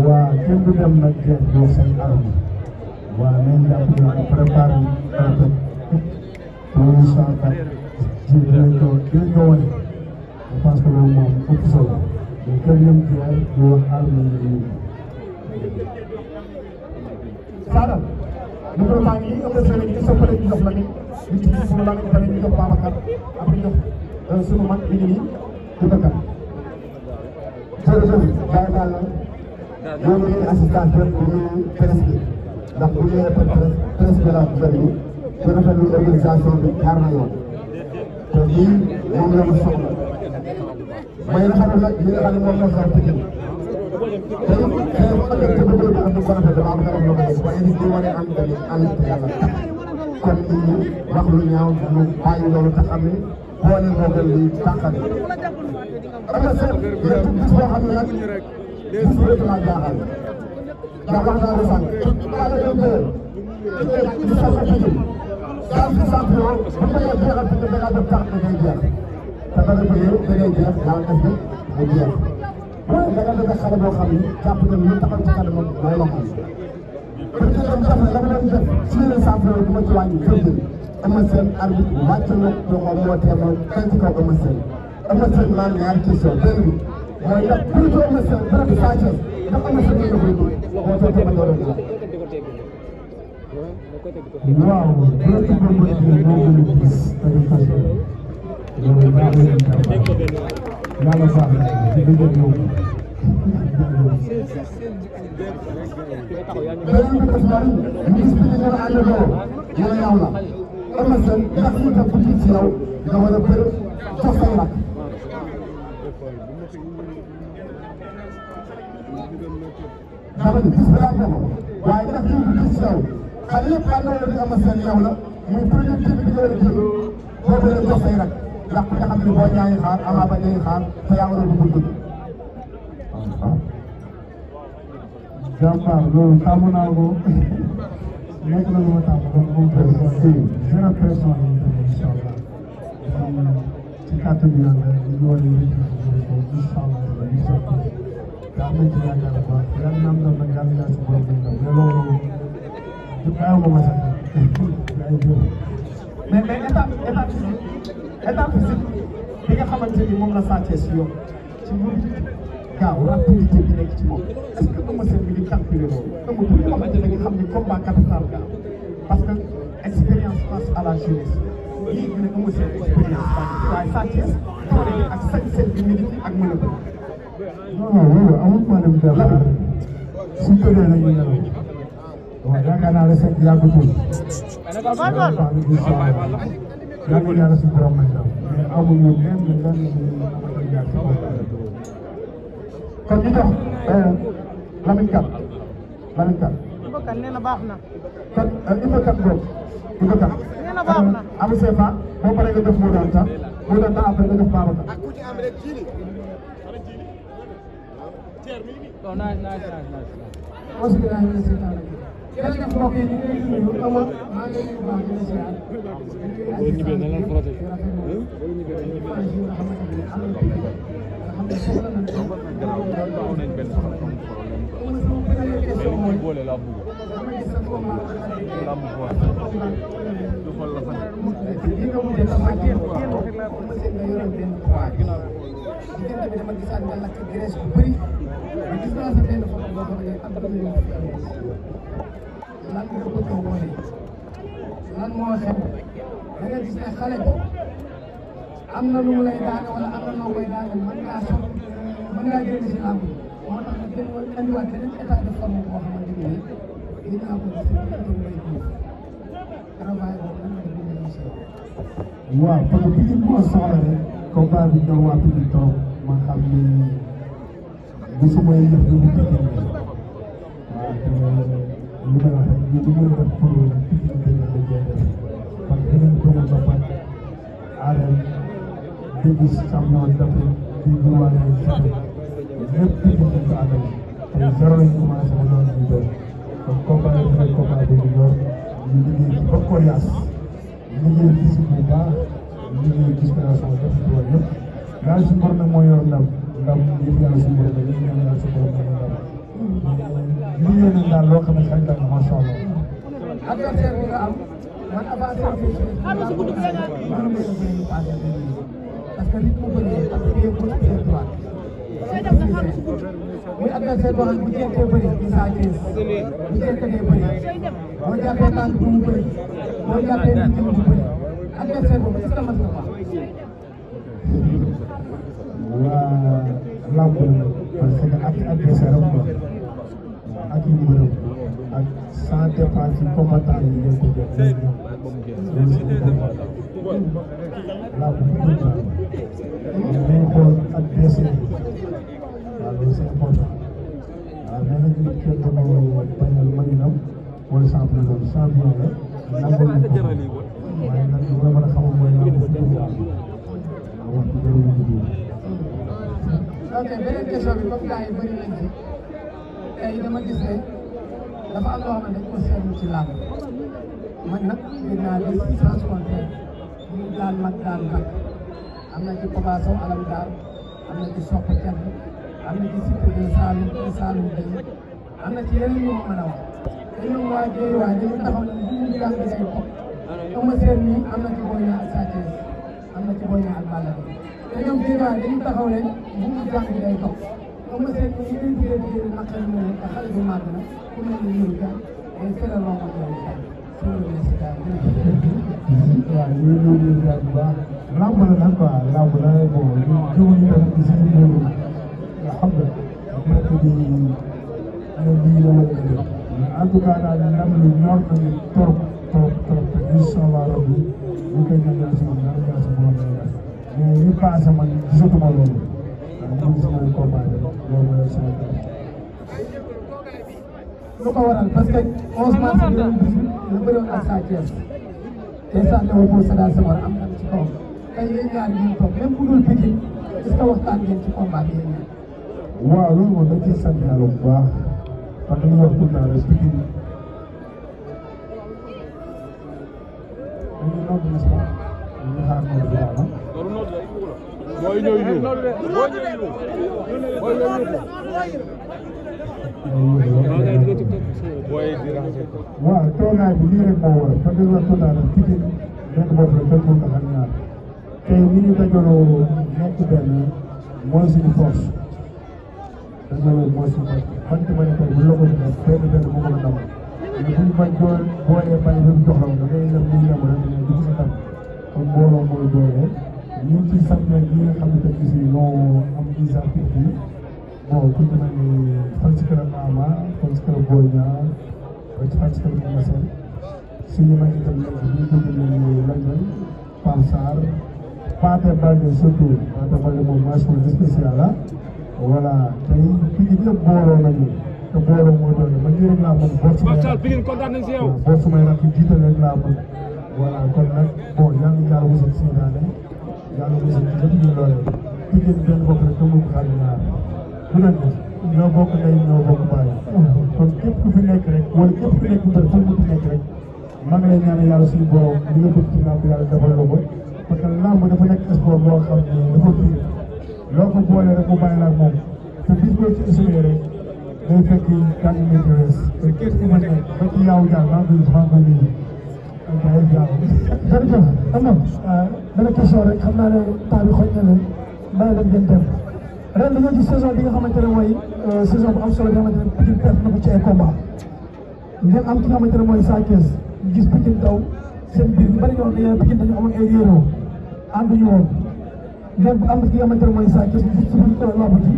waa kenn du dem nag géej boo say waa nañ jàpp ne ko préparé attaque deux cent ji dinañ ko dinañ ko wane je kenn dem géej du wax arme yi Sadam ñu doon maa ngi am na seen i sa pare ñu jox la ni ñu ci sunu lan pare ñu jox Babacar am ñu jox sunu mag bi ñu ñoom ñu ngi assistance bi bu ñuy presse bi ndax bu ñu yëpp presse bi la mel bi jaar na yoon te lii moom la ñu soxla may rafetlu nag li nga xam ne moom la soxla ci tey tey bu ma dégg bu góor bi am na ko rafet dama am nga rafetlu ko waaye nit ñi war a am tamit ànd ci yàlla kon nit ñi wax lu ñaaw ñu bàyyi loolu te xam ne am na seen yëpp gis boo xam ne nag léegi laa jaaxal ndax wax naa la sànq maa ngi leen di leen di leen sant di leen sant di sant yow bu ñu la jeexal ci da ngaa def tax da ngay jeex te da nga bëggee da ngay jeex yaa ngi def ba jeex. waaye da nga nekk xale boo xam ni jàpp na lu taxaw ci kanamam mooy la xam te ñu doon def la nga doon def si leen sant yow bu ma ci wàññi jël ama seen arbitre wàcc na loxo moo teemoon kenn ci kaw ama seen ama seen maa ngi ñaari question benn bi ndax bu ñu Eumeu Sène barab Sa Thiès ndax Eumeu Sène mën na koy dóor waaw soo tegu doole la. waaw loolu ci góob mooy bii moo gën a gis dañuy fàtte loolu daa koy indi daal yàlla baax na ci biir yëpp yow. beneen bi des na ñu gis bi ñu gën a àndandoo loolu ñaaw la Eumeu Sène ndax mu def bu ci yow nga war a bëri jox sa rakk xamal ni bis balaa ko waaye daf ñu ko gis yow xale yëpp xam na di am seen yow la muy projet bi di jël jël boo ko jox say rak ndax ku nga xam ne boo ñaay xaar ama ba ñaay xaar te yaa waroon dugg dugg jàmbaar loolu tàmm naa ko nekk na lu ma tàmm kon moom personne zéro personne incha allah ci kàttan bi yàlla ñu war a yëkkati incha allah daa am ci yaakaar bu baax yàlla na am na nag yàlla naa si borom bi tam mais loolu du gaaw a masal mais mais étape étape physique étape physique bi nga xamante ni moom la Sa Thiès si yoon ci mbiru gaaw rapidité bi nekk ci moom est ce que Eumeu Sène bi di calculer loolu Eumeu bi nga xamante ne nga xam ni combat capital gaaw parce que expérience face à la jeunesse lii nga ne Eumeu Sène expérience face waaye Sa Thiès doole ak sañ-sañ bi mu ak mën a non non loolu amul problème de la su tëddee nañu nelaw waaw yaakaar naa recette yàggutul yàlla yàlla si borom may daw mais amuñu même le gan la kon ñu jox euh, Lamine Kane Lamine Kane. Ibou Kane nee na baax na. kon euh, Ibou Kane boobu Ibou Kane. nee na baax na. Amou Sefa boo paree nga def Modou Anta Modou Anta après nga def Babacar. non naaj naaj naaj naaj. alhamdulilah ñu ngi si kàlla gi. jërëjëf mbokk yi ñu ngi leen di nuyu Awa maa ngi leen di nuyu di leen ziar. boo ñibbee na leen protéger. mais li ñu bëri gis naa fa benn photo boo xam ne am na lan nga ko bëgg a wooyee lan moo xew da nga gis ne xale bi am na lu mu lay daane wala am na noo koy daane mën ngaa xam mën ngaa génn si làmb moo tax ñu gën a andiwaat beneen état de forme boo xamante ne nii dinaa ko gis ne dinañ lay dund travail boobu lan nga bëgg a gis. waaw parce que bi ñu ko soxla rek combat bi ñëwaat di toog ma xam ni. du su may yëf lu dul Pikine lu may wax rek ñu mën def pour Pikine gën a dëgër parce que dinañ bëri ba pare aareel dégg sàmmoon dafa dégg wàllu site lépp Pikine dañ ko àndal tey zéro lañ commencé ba noonu ñu doon kon combat bi dafay combat bi ñu doon ñu liggéey ci ba coriace liggéey ci bu baax liggéey ci opération def ci wàllu lépp laaj si mbor na moo yor ndam ndam yëpp yàlla suñu borom yëpp yàlla suñu borom ndam lii nañ daal loo xam ne xañ daal macha allah adversaire bi nga am man avancé bi xaaral si guddi bi nga am parce que nit mu bëri parce que yëpp ci seen droit muy adversaire boo xam bu jëntee bëri di saa Thiès bu jëntee bëri boo jàppee tànk bu mu bëri boo jàppee nit mu bëri adversaire boobu est-ce que mën nga wax waa làmbul parce que ak adversaire am la ak yu mbërëm ak sans dépense combattant yi ñoo ko jël loolu si làmb bu dul la mais xool adversaire waaw loolu c'est important waaw nee nañu nit kenn da ngay bañal mañinam wala champion loolu champion la nangoo ñu ko waaye nag li ma la mën a xamal mooy làmb bu dul la waaw wax dëgg yàlla ok beneen question bi comme bëri nañ ci tey dama gis ne dafa am loo xam dañ ko seetlu ci làmb man nag dégg naa li sens contraire ñu daan mag daan mag am na ci Papa alam daal am na ci sopp kenn am na ci Siteu de Saloum de am na ci yeneen yu ma mën a wax dañu waa jéy waa dañu taxaw ne bu ñu daan di ay bopp Eumeu Sène nii am na ci Boy Niang ak Sa am na ci Boy Niang ak te ñoom déjà dañu taxaw ne mbirum jàng bi day taw comme que seen ñu ngi leen di leen naqari ñu ne ndax xale bu màgg na ku mel ni ñoom daal day fexe loo mën leen daal suñu université bi. waaw ñu ngi ñëw ñu ngi daal bu baax lamb la nag quoi lamb la bon ñun jëmuñu tamit ci suñu réew nga xam nga nekk di ñoom lii la war a def en tout cas daal ndam li ñor nañu trop trop trop te incha allah rabbi ñu koy ñaanal si moom daal mais li passé man gisatuma loolu waaw Sa Thiès te am na ci kaw tey yéen ñaar ñu toog même bu dul Pikine est-ce que waxtaan ngeen ci combat bi yéen ñaar. waaw loolu moom dañ ciy sant yàlla bu baax parce que waru waaw toogaay bi lii rek moo war parce naa la ci nekk bopp la kenn mënta xam ñaar tey ni ñu dajaloo nekk benn mooy suñu force dajaloo mooy suñu force man ci man tey bu loko ci def benn benn moo ko ndam mais buñ bañ boolee bay ba mu jox la da ngay def lu yem rek mais du ko ndam kon mbooloo mooy doole ñu ngi ciy sant ñi nga xamante ne si ñoo am initiative bi bon ku demee ni fan si kër Ama fan si kër Boy Niang fan si kër Eumeu Sène suñu mag itam ñu dugg nañu Landiol Pape Sarr Pathé Baldé surtout Pathé Baldé moom mention spéciale la ah. voilà tey fii ñëpp booloo nañu te booloo moo doon man ñu rek laa mën boo sumay rakk jiital rek laa mën voilà kon nag bon yàlla yàlla wusal si daane yàlla na aussi ba jigéen doole jigéen benn bopp rek dama ko xaar ñaar bu leen gis ñoo bokk ndey baay kon képp fi nekk rek wala képp ku nekk mbër fu mu nekk rek maa ngi lay ñaanal yàlla suñu borom li nga bëgg ci làmb yàlla defal la ko parce que làmb dafa nekk sport boo xam loo boole rek mu bàyyi la moom te bis boo ci essayé rek day fekk gàllankoor te képp ku ma nekk ba ci yaaw daal maa ngi koy maa ngi koy jërëjëf Amam dana question rek xam naa ne temps bi xoj na leen bàyyi leen ngeen dem ren dañoo gis saison bi nga xamante ne mooy saison bu am solo bi nga xamante ne Pikine perte na ko ci ay combat ngeen am ki nga xamante ne mooy Sa Thiès gis Pikine daw seen biir ñu bëri ñoo xam ne Pikine dañu amoon ay réeroo ànduñu woon ngeen am ki nga xamante ne mooy Sa Thiès gis suñu ko làmb ji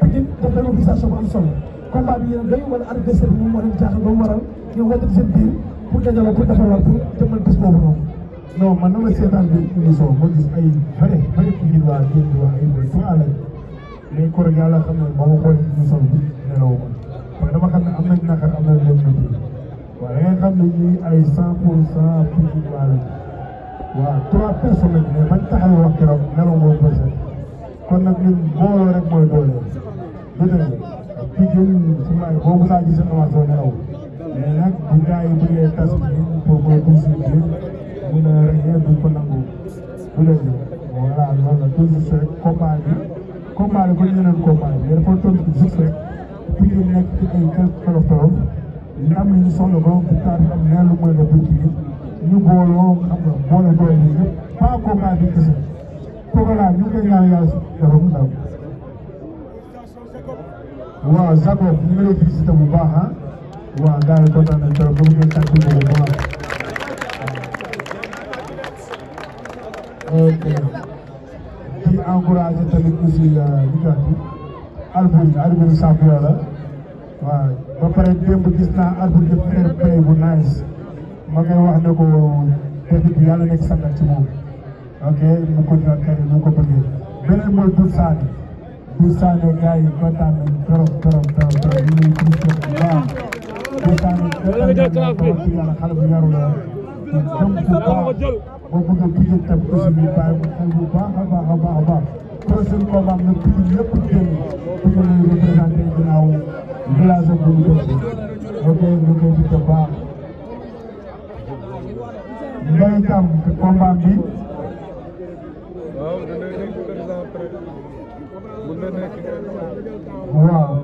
Pikine def nañu fixation bu am solo combat bi yéen doy wala adversaire bi moom moo leen jaaxal ba mu waral ñu woote seen biir pour dajaloo pour defarwaat pour jëmmal bés boobu noonu non man dama seetaan bi émission moo gis ay bare bare kii waa kii waa ay mooy su àll mais koro yàlla xam ne ba ma xool émission bi nelawoo ma parce que dama xam ne am nañ naqar am nañ lépp lu waaye xam ne ñii ay cent pour cent Pikine waa lañ waaw trois personnes lañ mais bañ taxaw wax keroog mais nag bu gars yi bëggee tas ñun pour que consulter mun a rëggee duñ ko nangu du dëgg voilà loolu la tout juste rek combat bi combat bi ba ñu naan combat bi mais dafa toll juste rek pour ñu nekk ci ay quelques tolof tolof ndam li ñu soxla ko bu taat am leen lu mooy la bëgg ñu booloo xam nga boole doole bi yëpp pas combat bi kese kooku laa ñu koy ñaan yàlla dafa mu ndam waaw Jacob ñu ngi lay félicité bu baax ah waaw gars yi kontaan nañu trop bëgg ngeen sant bu baax. ok di encouragé tamit aussi li nga Alboury Alboury champion la waaw ba pare démb gis naa Alboury def fair play bu nice ma koy wax ne ko défi bi yàlla nekk sangal ci moom ok mu continué kër yi mu ko bëggee beneen mooy Doudou Sané Doudou Sané gars yi kontaan nañu trop trop trop trop ñu ngi waaw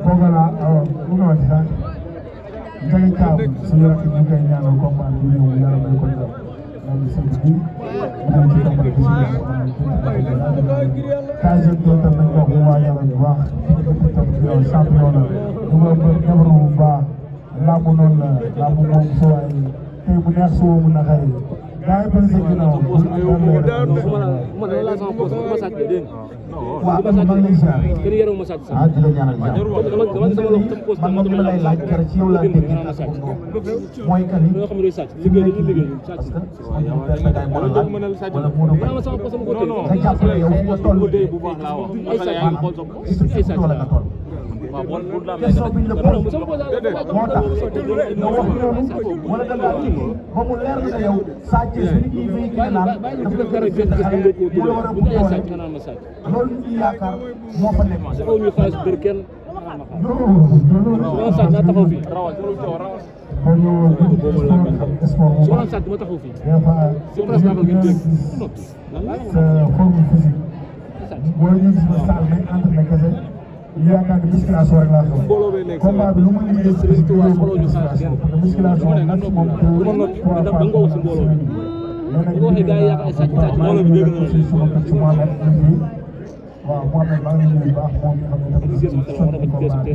foog naa waaw Mbaye Thiam suñu rakk ñu koy ñaanal combat bi ñëw yàlla may ko ñëw moom sëñ bi mu dem ci combat bi suñu Tyson dootal nañ ko bu waajalan bu baax dëkk tam yow champion la ñu ko defaru bu baax làmb noonu la làmb moom soo ay tey bu neex soo mu naxari bàyyi ba sa ginnaaw bu ñu àndalee man la sama poste ma sàcc dégg waaw man man lay ziar kenn yaraw ma sàcc ah di la ñaanal jàmm man moom lay laaj kër ci yow laa déggee ak moom mooy kan yi xam ne sàcc liggéey dañuy liggéey sàcc wala sama poste ma ko tey nga jàpp ne yow fi nga toll ay sàcc la nga toll waaw bon pour la amee moo tax nga wax loolu wala da ngaa téye ba mu leer na yow saa ci suñu kii fii kii naan dafa la gën a jënd xale mu la war a bu doole loolu ñu yaakaar moo fa nekk. loolu ñu xaalis bër kenn. Soxna Sadio taxaw fii rawal Soxna Sadio ma taxaw fii. su presse laa ko gën dégg. lan la ñu mën a. yaakaar ne musculation rek laa xam combat bi lu ma liggéey si biir loolu musculation parce que musculation maximum deux trois fois par semaine mais nag ñu ngi maa ngi nuyu aussi sama coach Mohamed Ndiaye waaw Mohamed maa ngi nuyu baax moom mi xam ne dafa nekk combat bi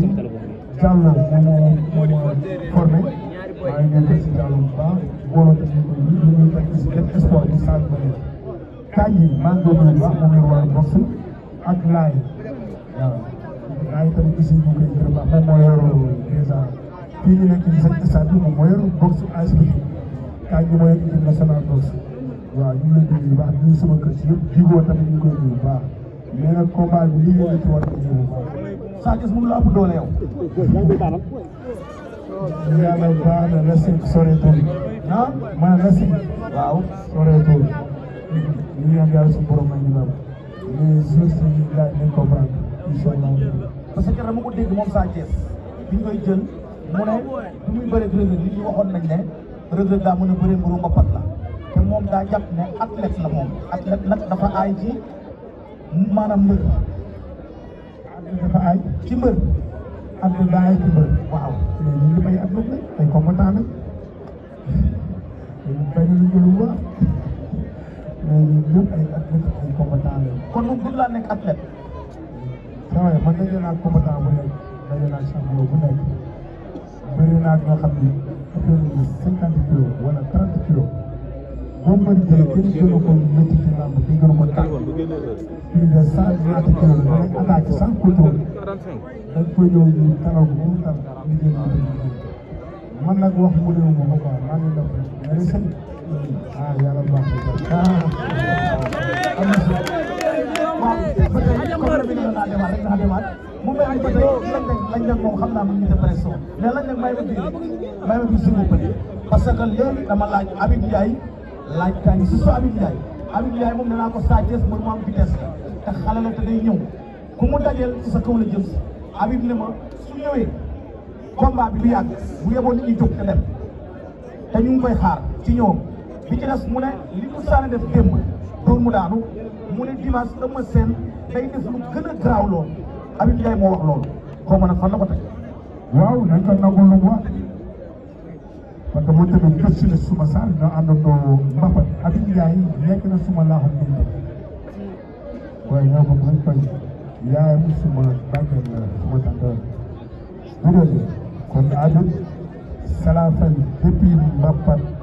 Diallo moom moo formé maa ngi nuyu aussi Diallo bu baax mbooloo tamit ñu ngi fekk si def espoir di saa yu bëri maa ngi doon nuyu baax moom la waa boxe ak laay waaw maa ngi tamit aussi ñu koy gërëm moom moo yoroo dèjà fii ñu nekk ci stade bi moom moo yoroo boxe AS Pikine kaay bi mooy équipe nationale boxe waaw ñu ngi leen di nuyu baax di sama kër si yëpp jiwoo tamit ñu koy nuyu baax mais nag combat bi lii la ci war a jiwoo baax. Sa Thiès moom la ëpp doole yow. yàlla baax na la sëñ soreetul ah ma la sëñ waaw soreetul ñu ngi am yàlla suñu borom ñu ngi am mais juste ñu ngi comprendre incha allah parce que dama ko dégg moom Sa Thiès bi ñu koy jël mu ne du muy bëreeg Reug nit ñi waxoon nañ ne Reug daa mën a bëree mburu moom daa jàpp ne moom du laa nekk athlète te waaye man daje naa combattant bu nekk daje naa champion naa ñoo xam ne affaire bi cinquante kilos wala trente kilos boo mën jëlee kenn ko métti ci làmb bi gënu ko tànn plus de cent ñaata kilos da ngay attaqué sans contrôle dañ koy ñëw ñu mu tar liggéey naa man nag wax mu réew ma ko quoi maa ngi def rek mu may ay bëgg lañ lañ moom xam naa mu ngi dépression mais lañ nag may ma biir may ma biir s'il vous plaît parce que léegi dama laaj Habib Ndiaye laaj kaay surtout Habib Ndiaye Habib Ndiaye moom danaa ko saa jees mooy mu am vitesse te xale la te day ñëw ku mu dajeel ci sa kaw la jëm si Habib ne ma su ñëwee combat bi du yàgg bu yeboon nit ñi jóg te dem te ñu ngi koy xaar ci ñoom. bi ci des mu ne li ko sànni def démb pour mu daanu mu ne dimanche Eumeu Sène day def lu a lool Habib Ndiaye moo wax loolu xaw ma nag fan la ko teg waaw nañ ko nangul lu mu wax parce que moo tamit gëstu na suma saal ñoo àndandoo mbapat Habib Ndiaye nekk na suma laaxam dund waaye ñoo ko buñ koy yaayam suma bàggeel la suma tàndoor bu dee kon Habib salafan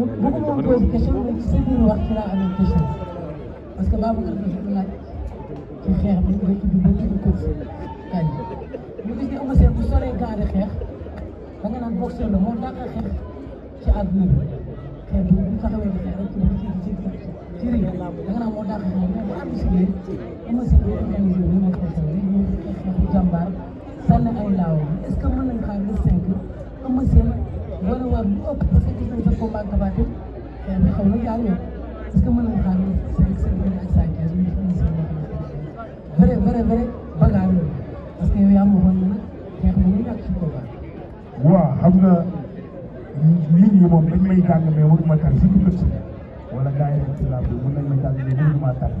bëgg naa posé question mais ci biir wax ci laa amee question parce que Babacar dafa ci xeex bi nga tudd ba bu soree gaari xeex da nga naan boxeur la ci àdduna bi xeex bi bu taxawee xeex rek ci ci ci ring da nga moo dàq xeex mais bu si biir Eumeu Sène bi organisé ma xeex bu jàmbaar ay laaw est-ce mën nañ xaar le cinq Eumeu Sène loolu war lu ëpp parce que gis nañ sa combat ak Tapha Tine xeex bi xaw na gaaw yoon est-ce que mën nañ xaar seen seen benn ak Sa Thiès ñu xam ne seen wax vrai vrai vrai bagarre la parce que yow yaa ma waxoon ne nag xeex bi mu ñàkk ci combat waaw xam nga nit ñi moom dañ may jàng mais waruma tar si dugub si wala gars yi ci laab bi mën nañ ma jàng mais waruma tar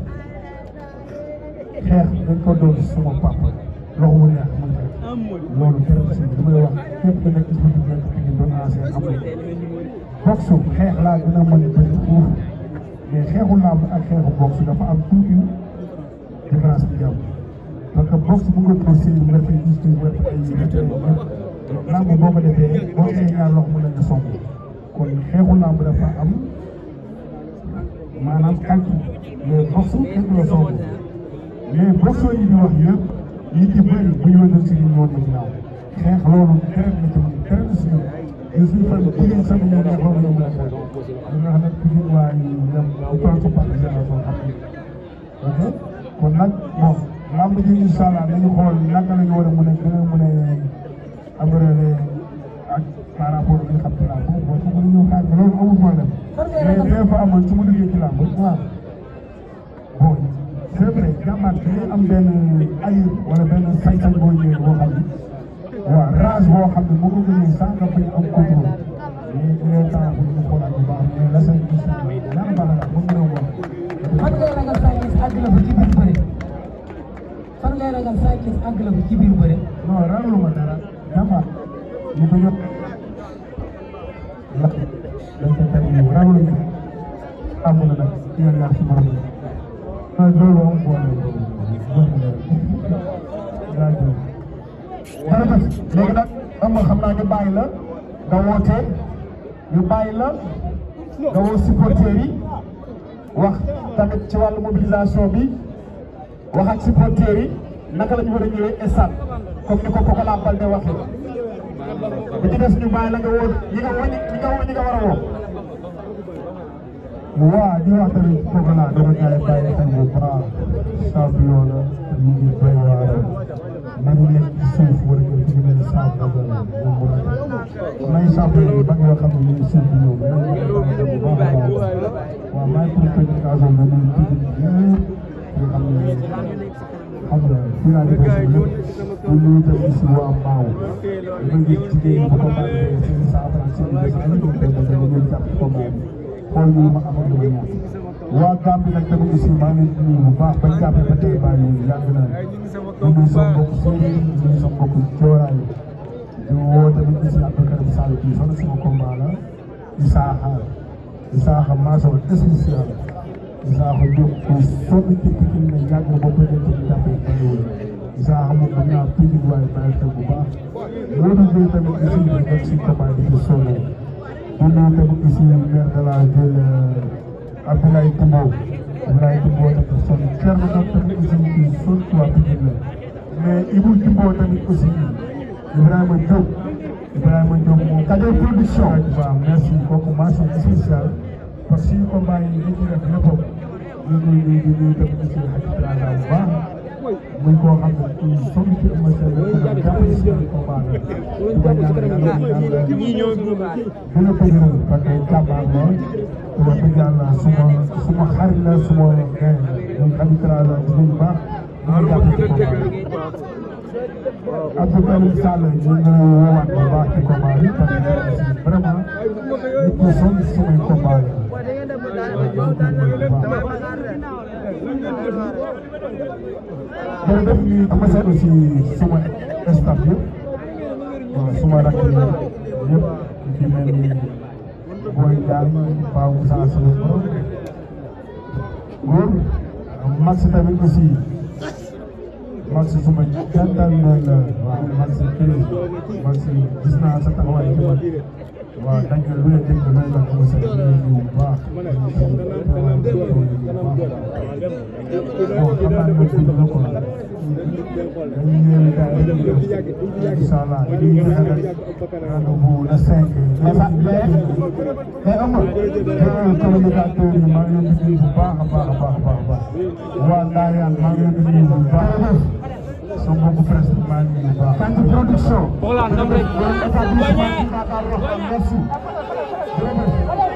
xeex dañ ko doon sama papa loxo mu loolu keroog si li wax képp ku nekk si biir gerte gi doon a mën xeexu làmb dafa am tuuti différence bi jàmm parce que box bu ko tuur si nga fay gis ñu wet ay yëpp làmb boo ko defee boo xeexee ñaar loxo mën nañu song kon am maanaam calcul mais boxu kenn du la song mais boxu yi yi ci bëri bu ñu wënal suñu yoon bi ginnaaw xeex loolu deret la ci moom deret la si ñoom ñu suñu fan bu ñu sant ñoom nga xam ne mën a xeex li nga xam ne toujours waa ñu dem di toog ci parti génération Afrique ok kon nag bon lamb ji incha allah dañu xool naka la ñu war a mën a gën a mën a améliorer ak par rapport ak xam ci lamb bon su ko ñu xaar loolu amul problème mais des fois man su ma liggéey ci lamb waaw bon c' est vrai jàmbaar dañuy am benn ayib wala benn saytañ boo ñëwee boo xam ne waaw rage boo xam ne boo ko gënee sans nga koy am contrôle mais il est temps pour ñu xoolaat bu baax mais la sañ gis lan baax la moom la woon. fan ngay ragal saa gis àgg la fa ci biir bëre fan ngay ragal saa gis àgg la fa ci biir bëre. non ragalu ma dara jàmbaar ñu ko jot lakk dañ ko teg ñu ragalu ñu àgg la nag yéen yaa si borom léegi nag am nga xam naa ñu bàyyi la nga woote ñu bàyyi la nga woo supporters yi wax tamit ci wàllu mobilisation bi wax ak supporters yi naka la ñu ñëwee stade comme ni ko Koko Balde waxee. bi ci des ñu bàyyi la nga woo ñi nga woo ñi nga war a woo. waa di wax tamit foog naa dama gaa yi bàyyi xel bu baax champion la ñu ngi bay waar nañu nekk ci suuf wala ñu ci mel saaf la ko moom mu rafet may champion di ñëw mais ñu ngi xam ne bu baax a baax waaw maa ngi pour que xool ñu lu ma amoon lu ma ñaax waa Gambie nag tamit aussi maa ngi nuyu baax bañ jàppee ba tey bàyyi yàgg naa ñu nuyu sama mbokk Sow yi ñu nuyu sama mbokk Joolaay di woo tamit aussi Abdou Karim Sall kii sax sama combat la Isaaxa Isaaxa maasaw spécial Isaaxa Diop kuy sonn ci Pikine ne yàgg na bopp rek ci jàppee bàyyiwul Isaaxa moom mën naa Pikine waaye bàyyi xel baax loolu tamit aussi ñu nekk si combat bi di sonn pendant que ici le maire de la ville Abdoulaye Timbo Abdoulaye Timbo tamit son cerno tam tamit aussi kii surtout waa Pikine la mais Ibou Timbo tamit aussi Ibrahima Diop Ibrahima Diop moom Kader production waaw merci kooku mention spéciale parce que combat yi ñu ci def léppam ñu ngi nuyu tamit aussi Hadj Plaza bu baax muy koo xam ne kii soxna si Eumeu Sène la gën a jàpp si seen combat la. di ko ñaanal yàlla yàlla gën a ko yëngu parce que jàmbaar la wax dëgg yàlla suma suma xarit la suma gaay muy xam tra la bu baax ñu jàpp ci combat Abdou Karim Sall ñu ngi woowaat bu baax ci combat bi parce que vraiment nit ku sonn sumay combat la. jërëjëf ñu commencé aussi sama staff yëpp waaw sama rakk yëpp di mel ni Boy Diagne Pao Moussa Sow góor max tamit aussi max suma jantal la waaw max kii max gis naa sa taxawaay ci man waaw dañ ko lu ne dañ ko mel na ko sa ñu bu baax bon xam naa ne moom suñu lëkk la dañu ñëw gars yi incha allah dañuy joxe rendez-vous le 5 mais mais amul dégg communicateur yi maa ngi leen di nuyu bu baax a baax a baax a baax waa Ndariane maa ngi leen di nuyu bu baax donc boobu maa ngi nuyu bu baax. tant que production. voilà ndam rek.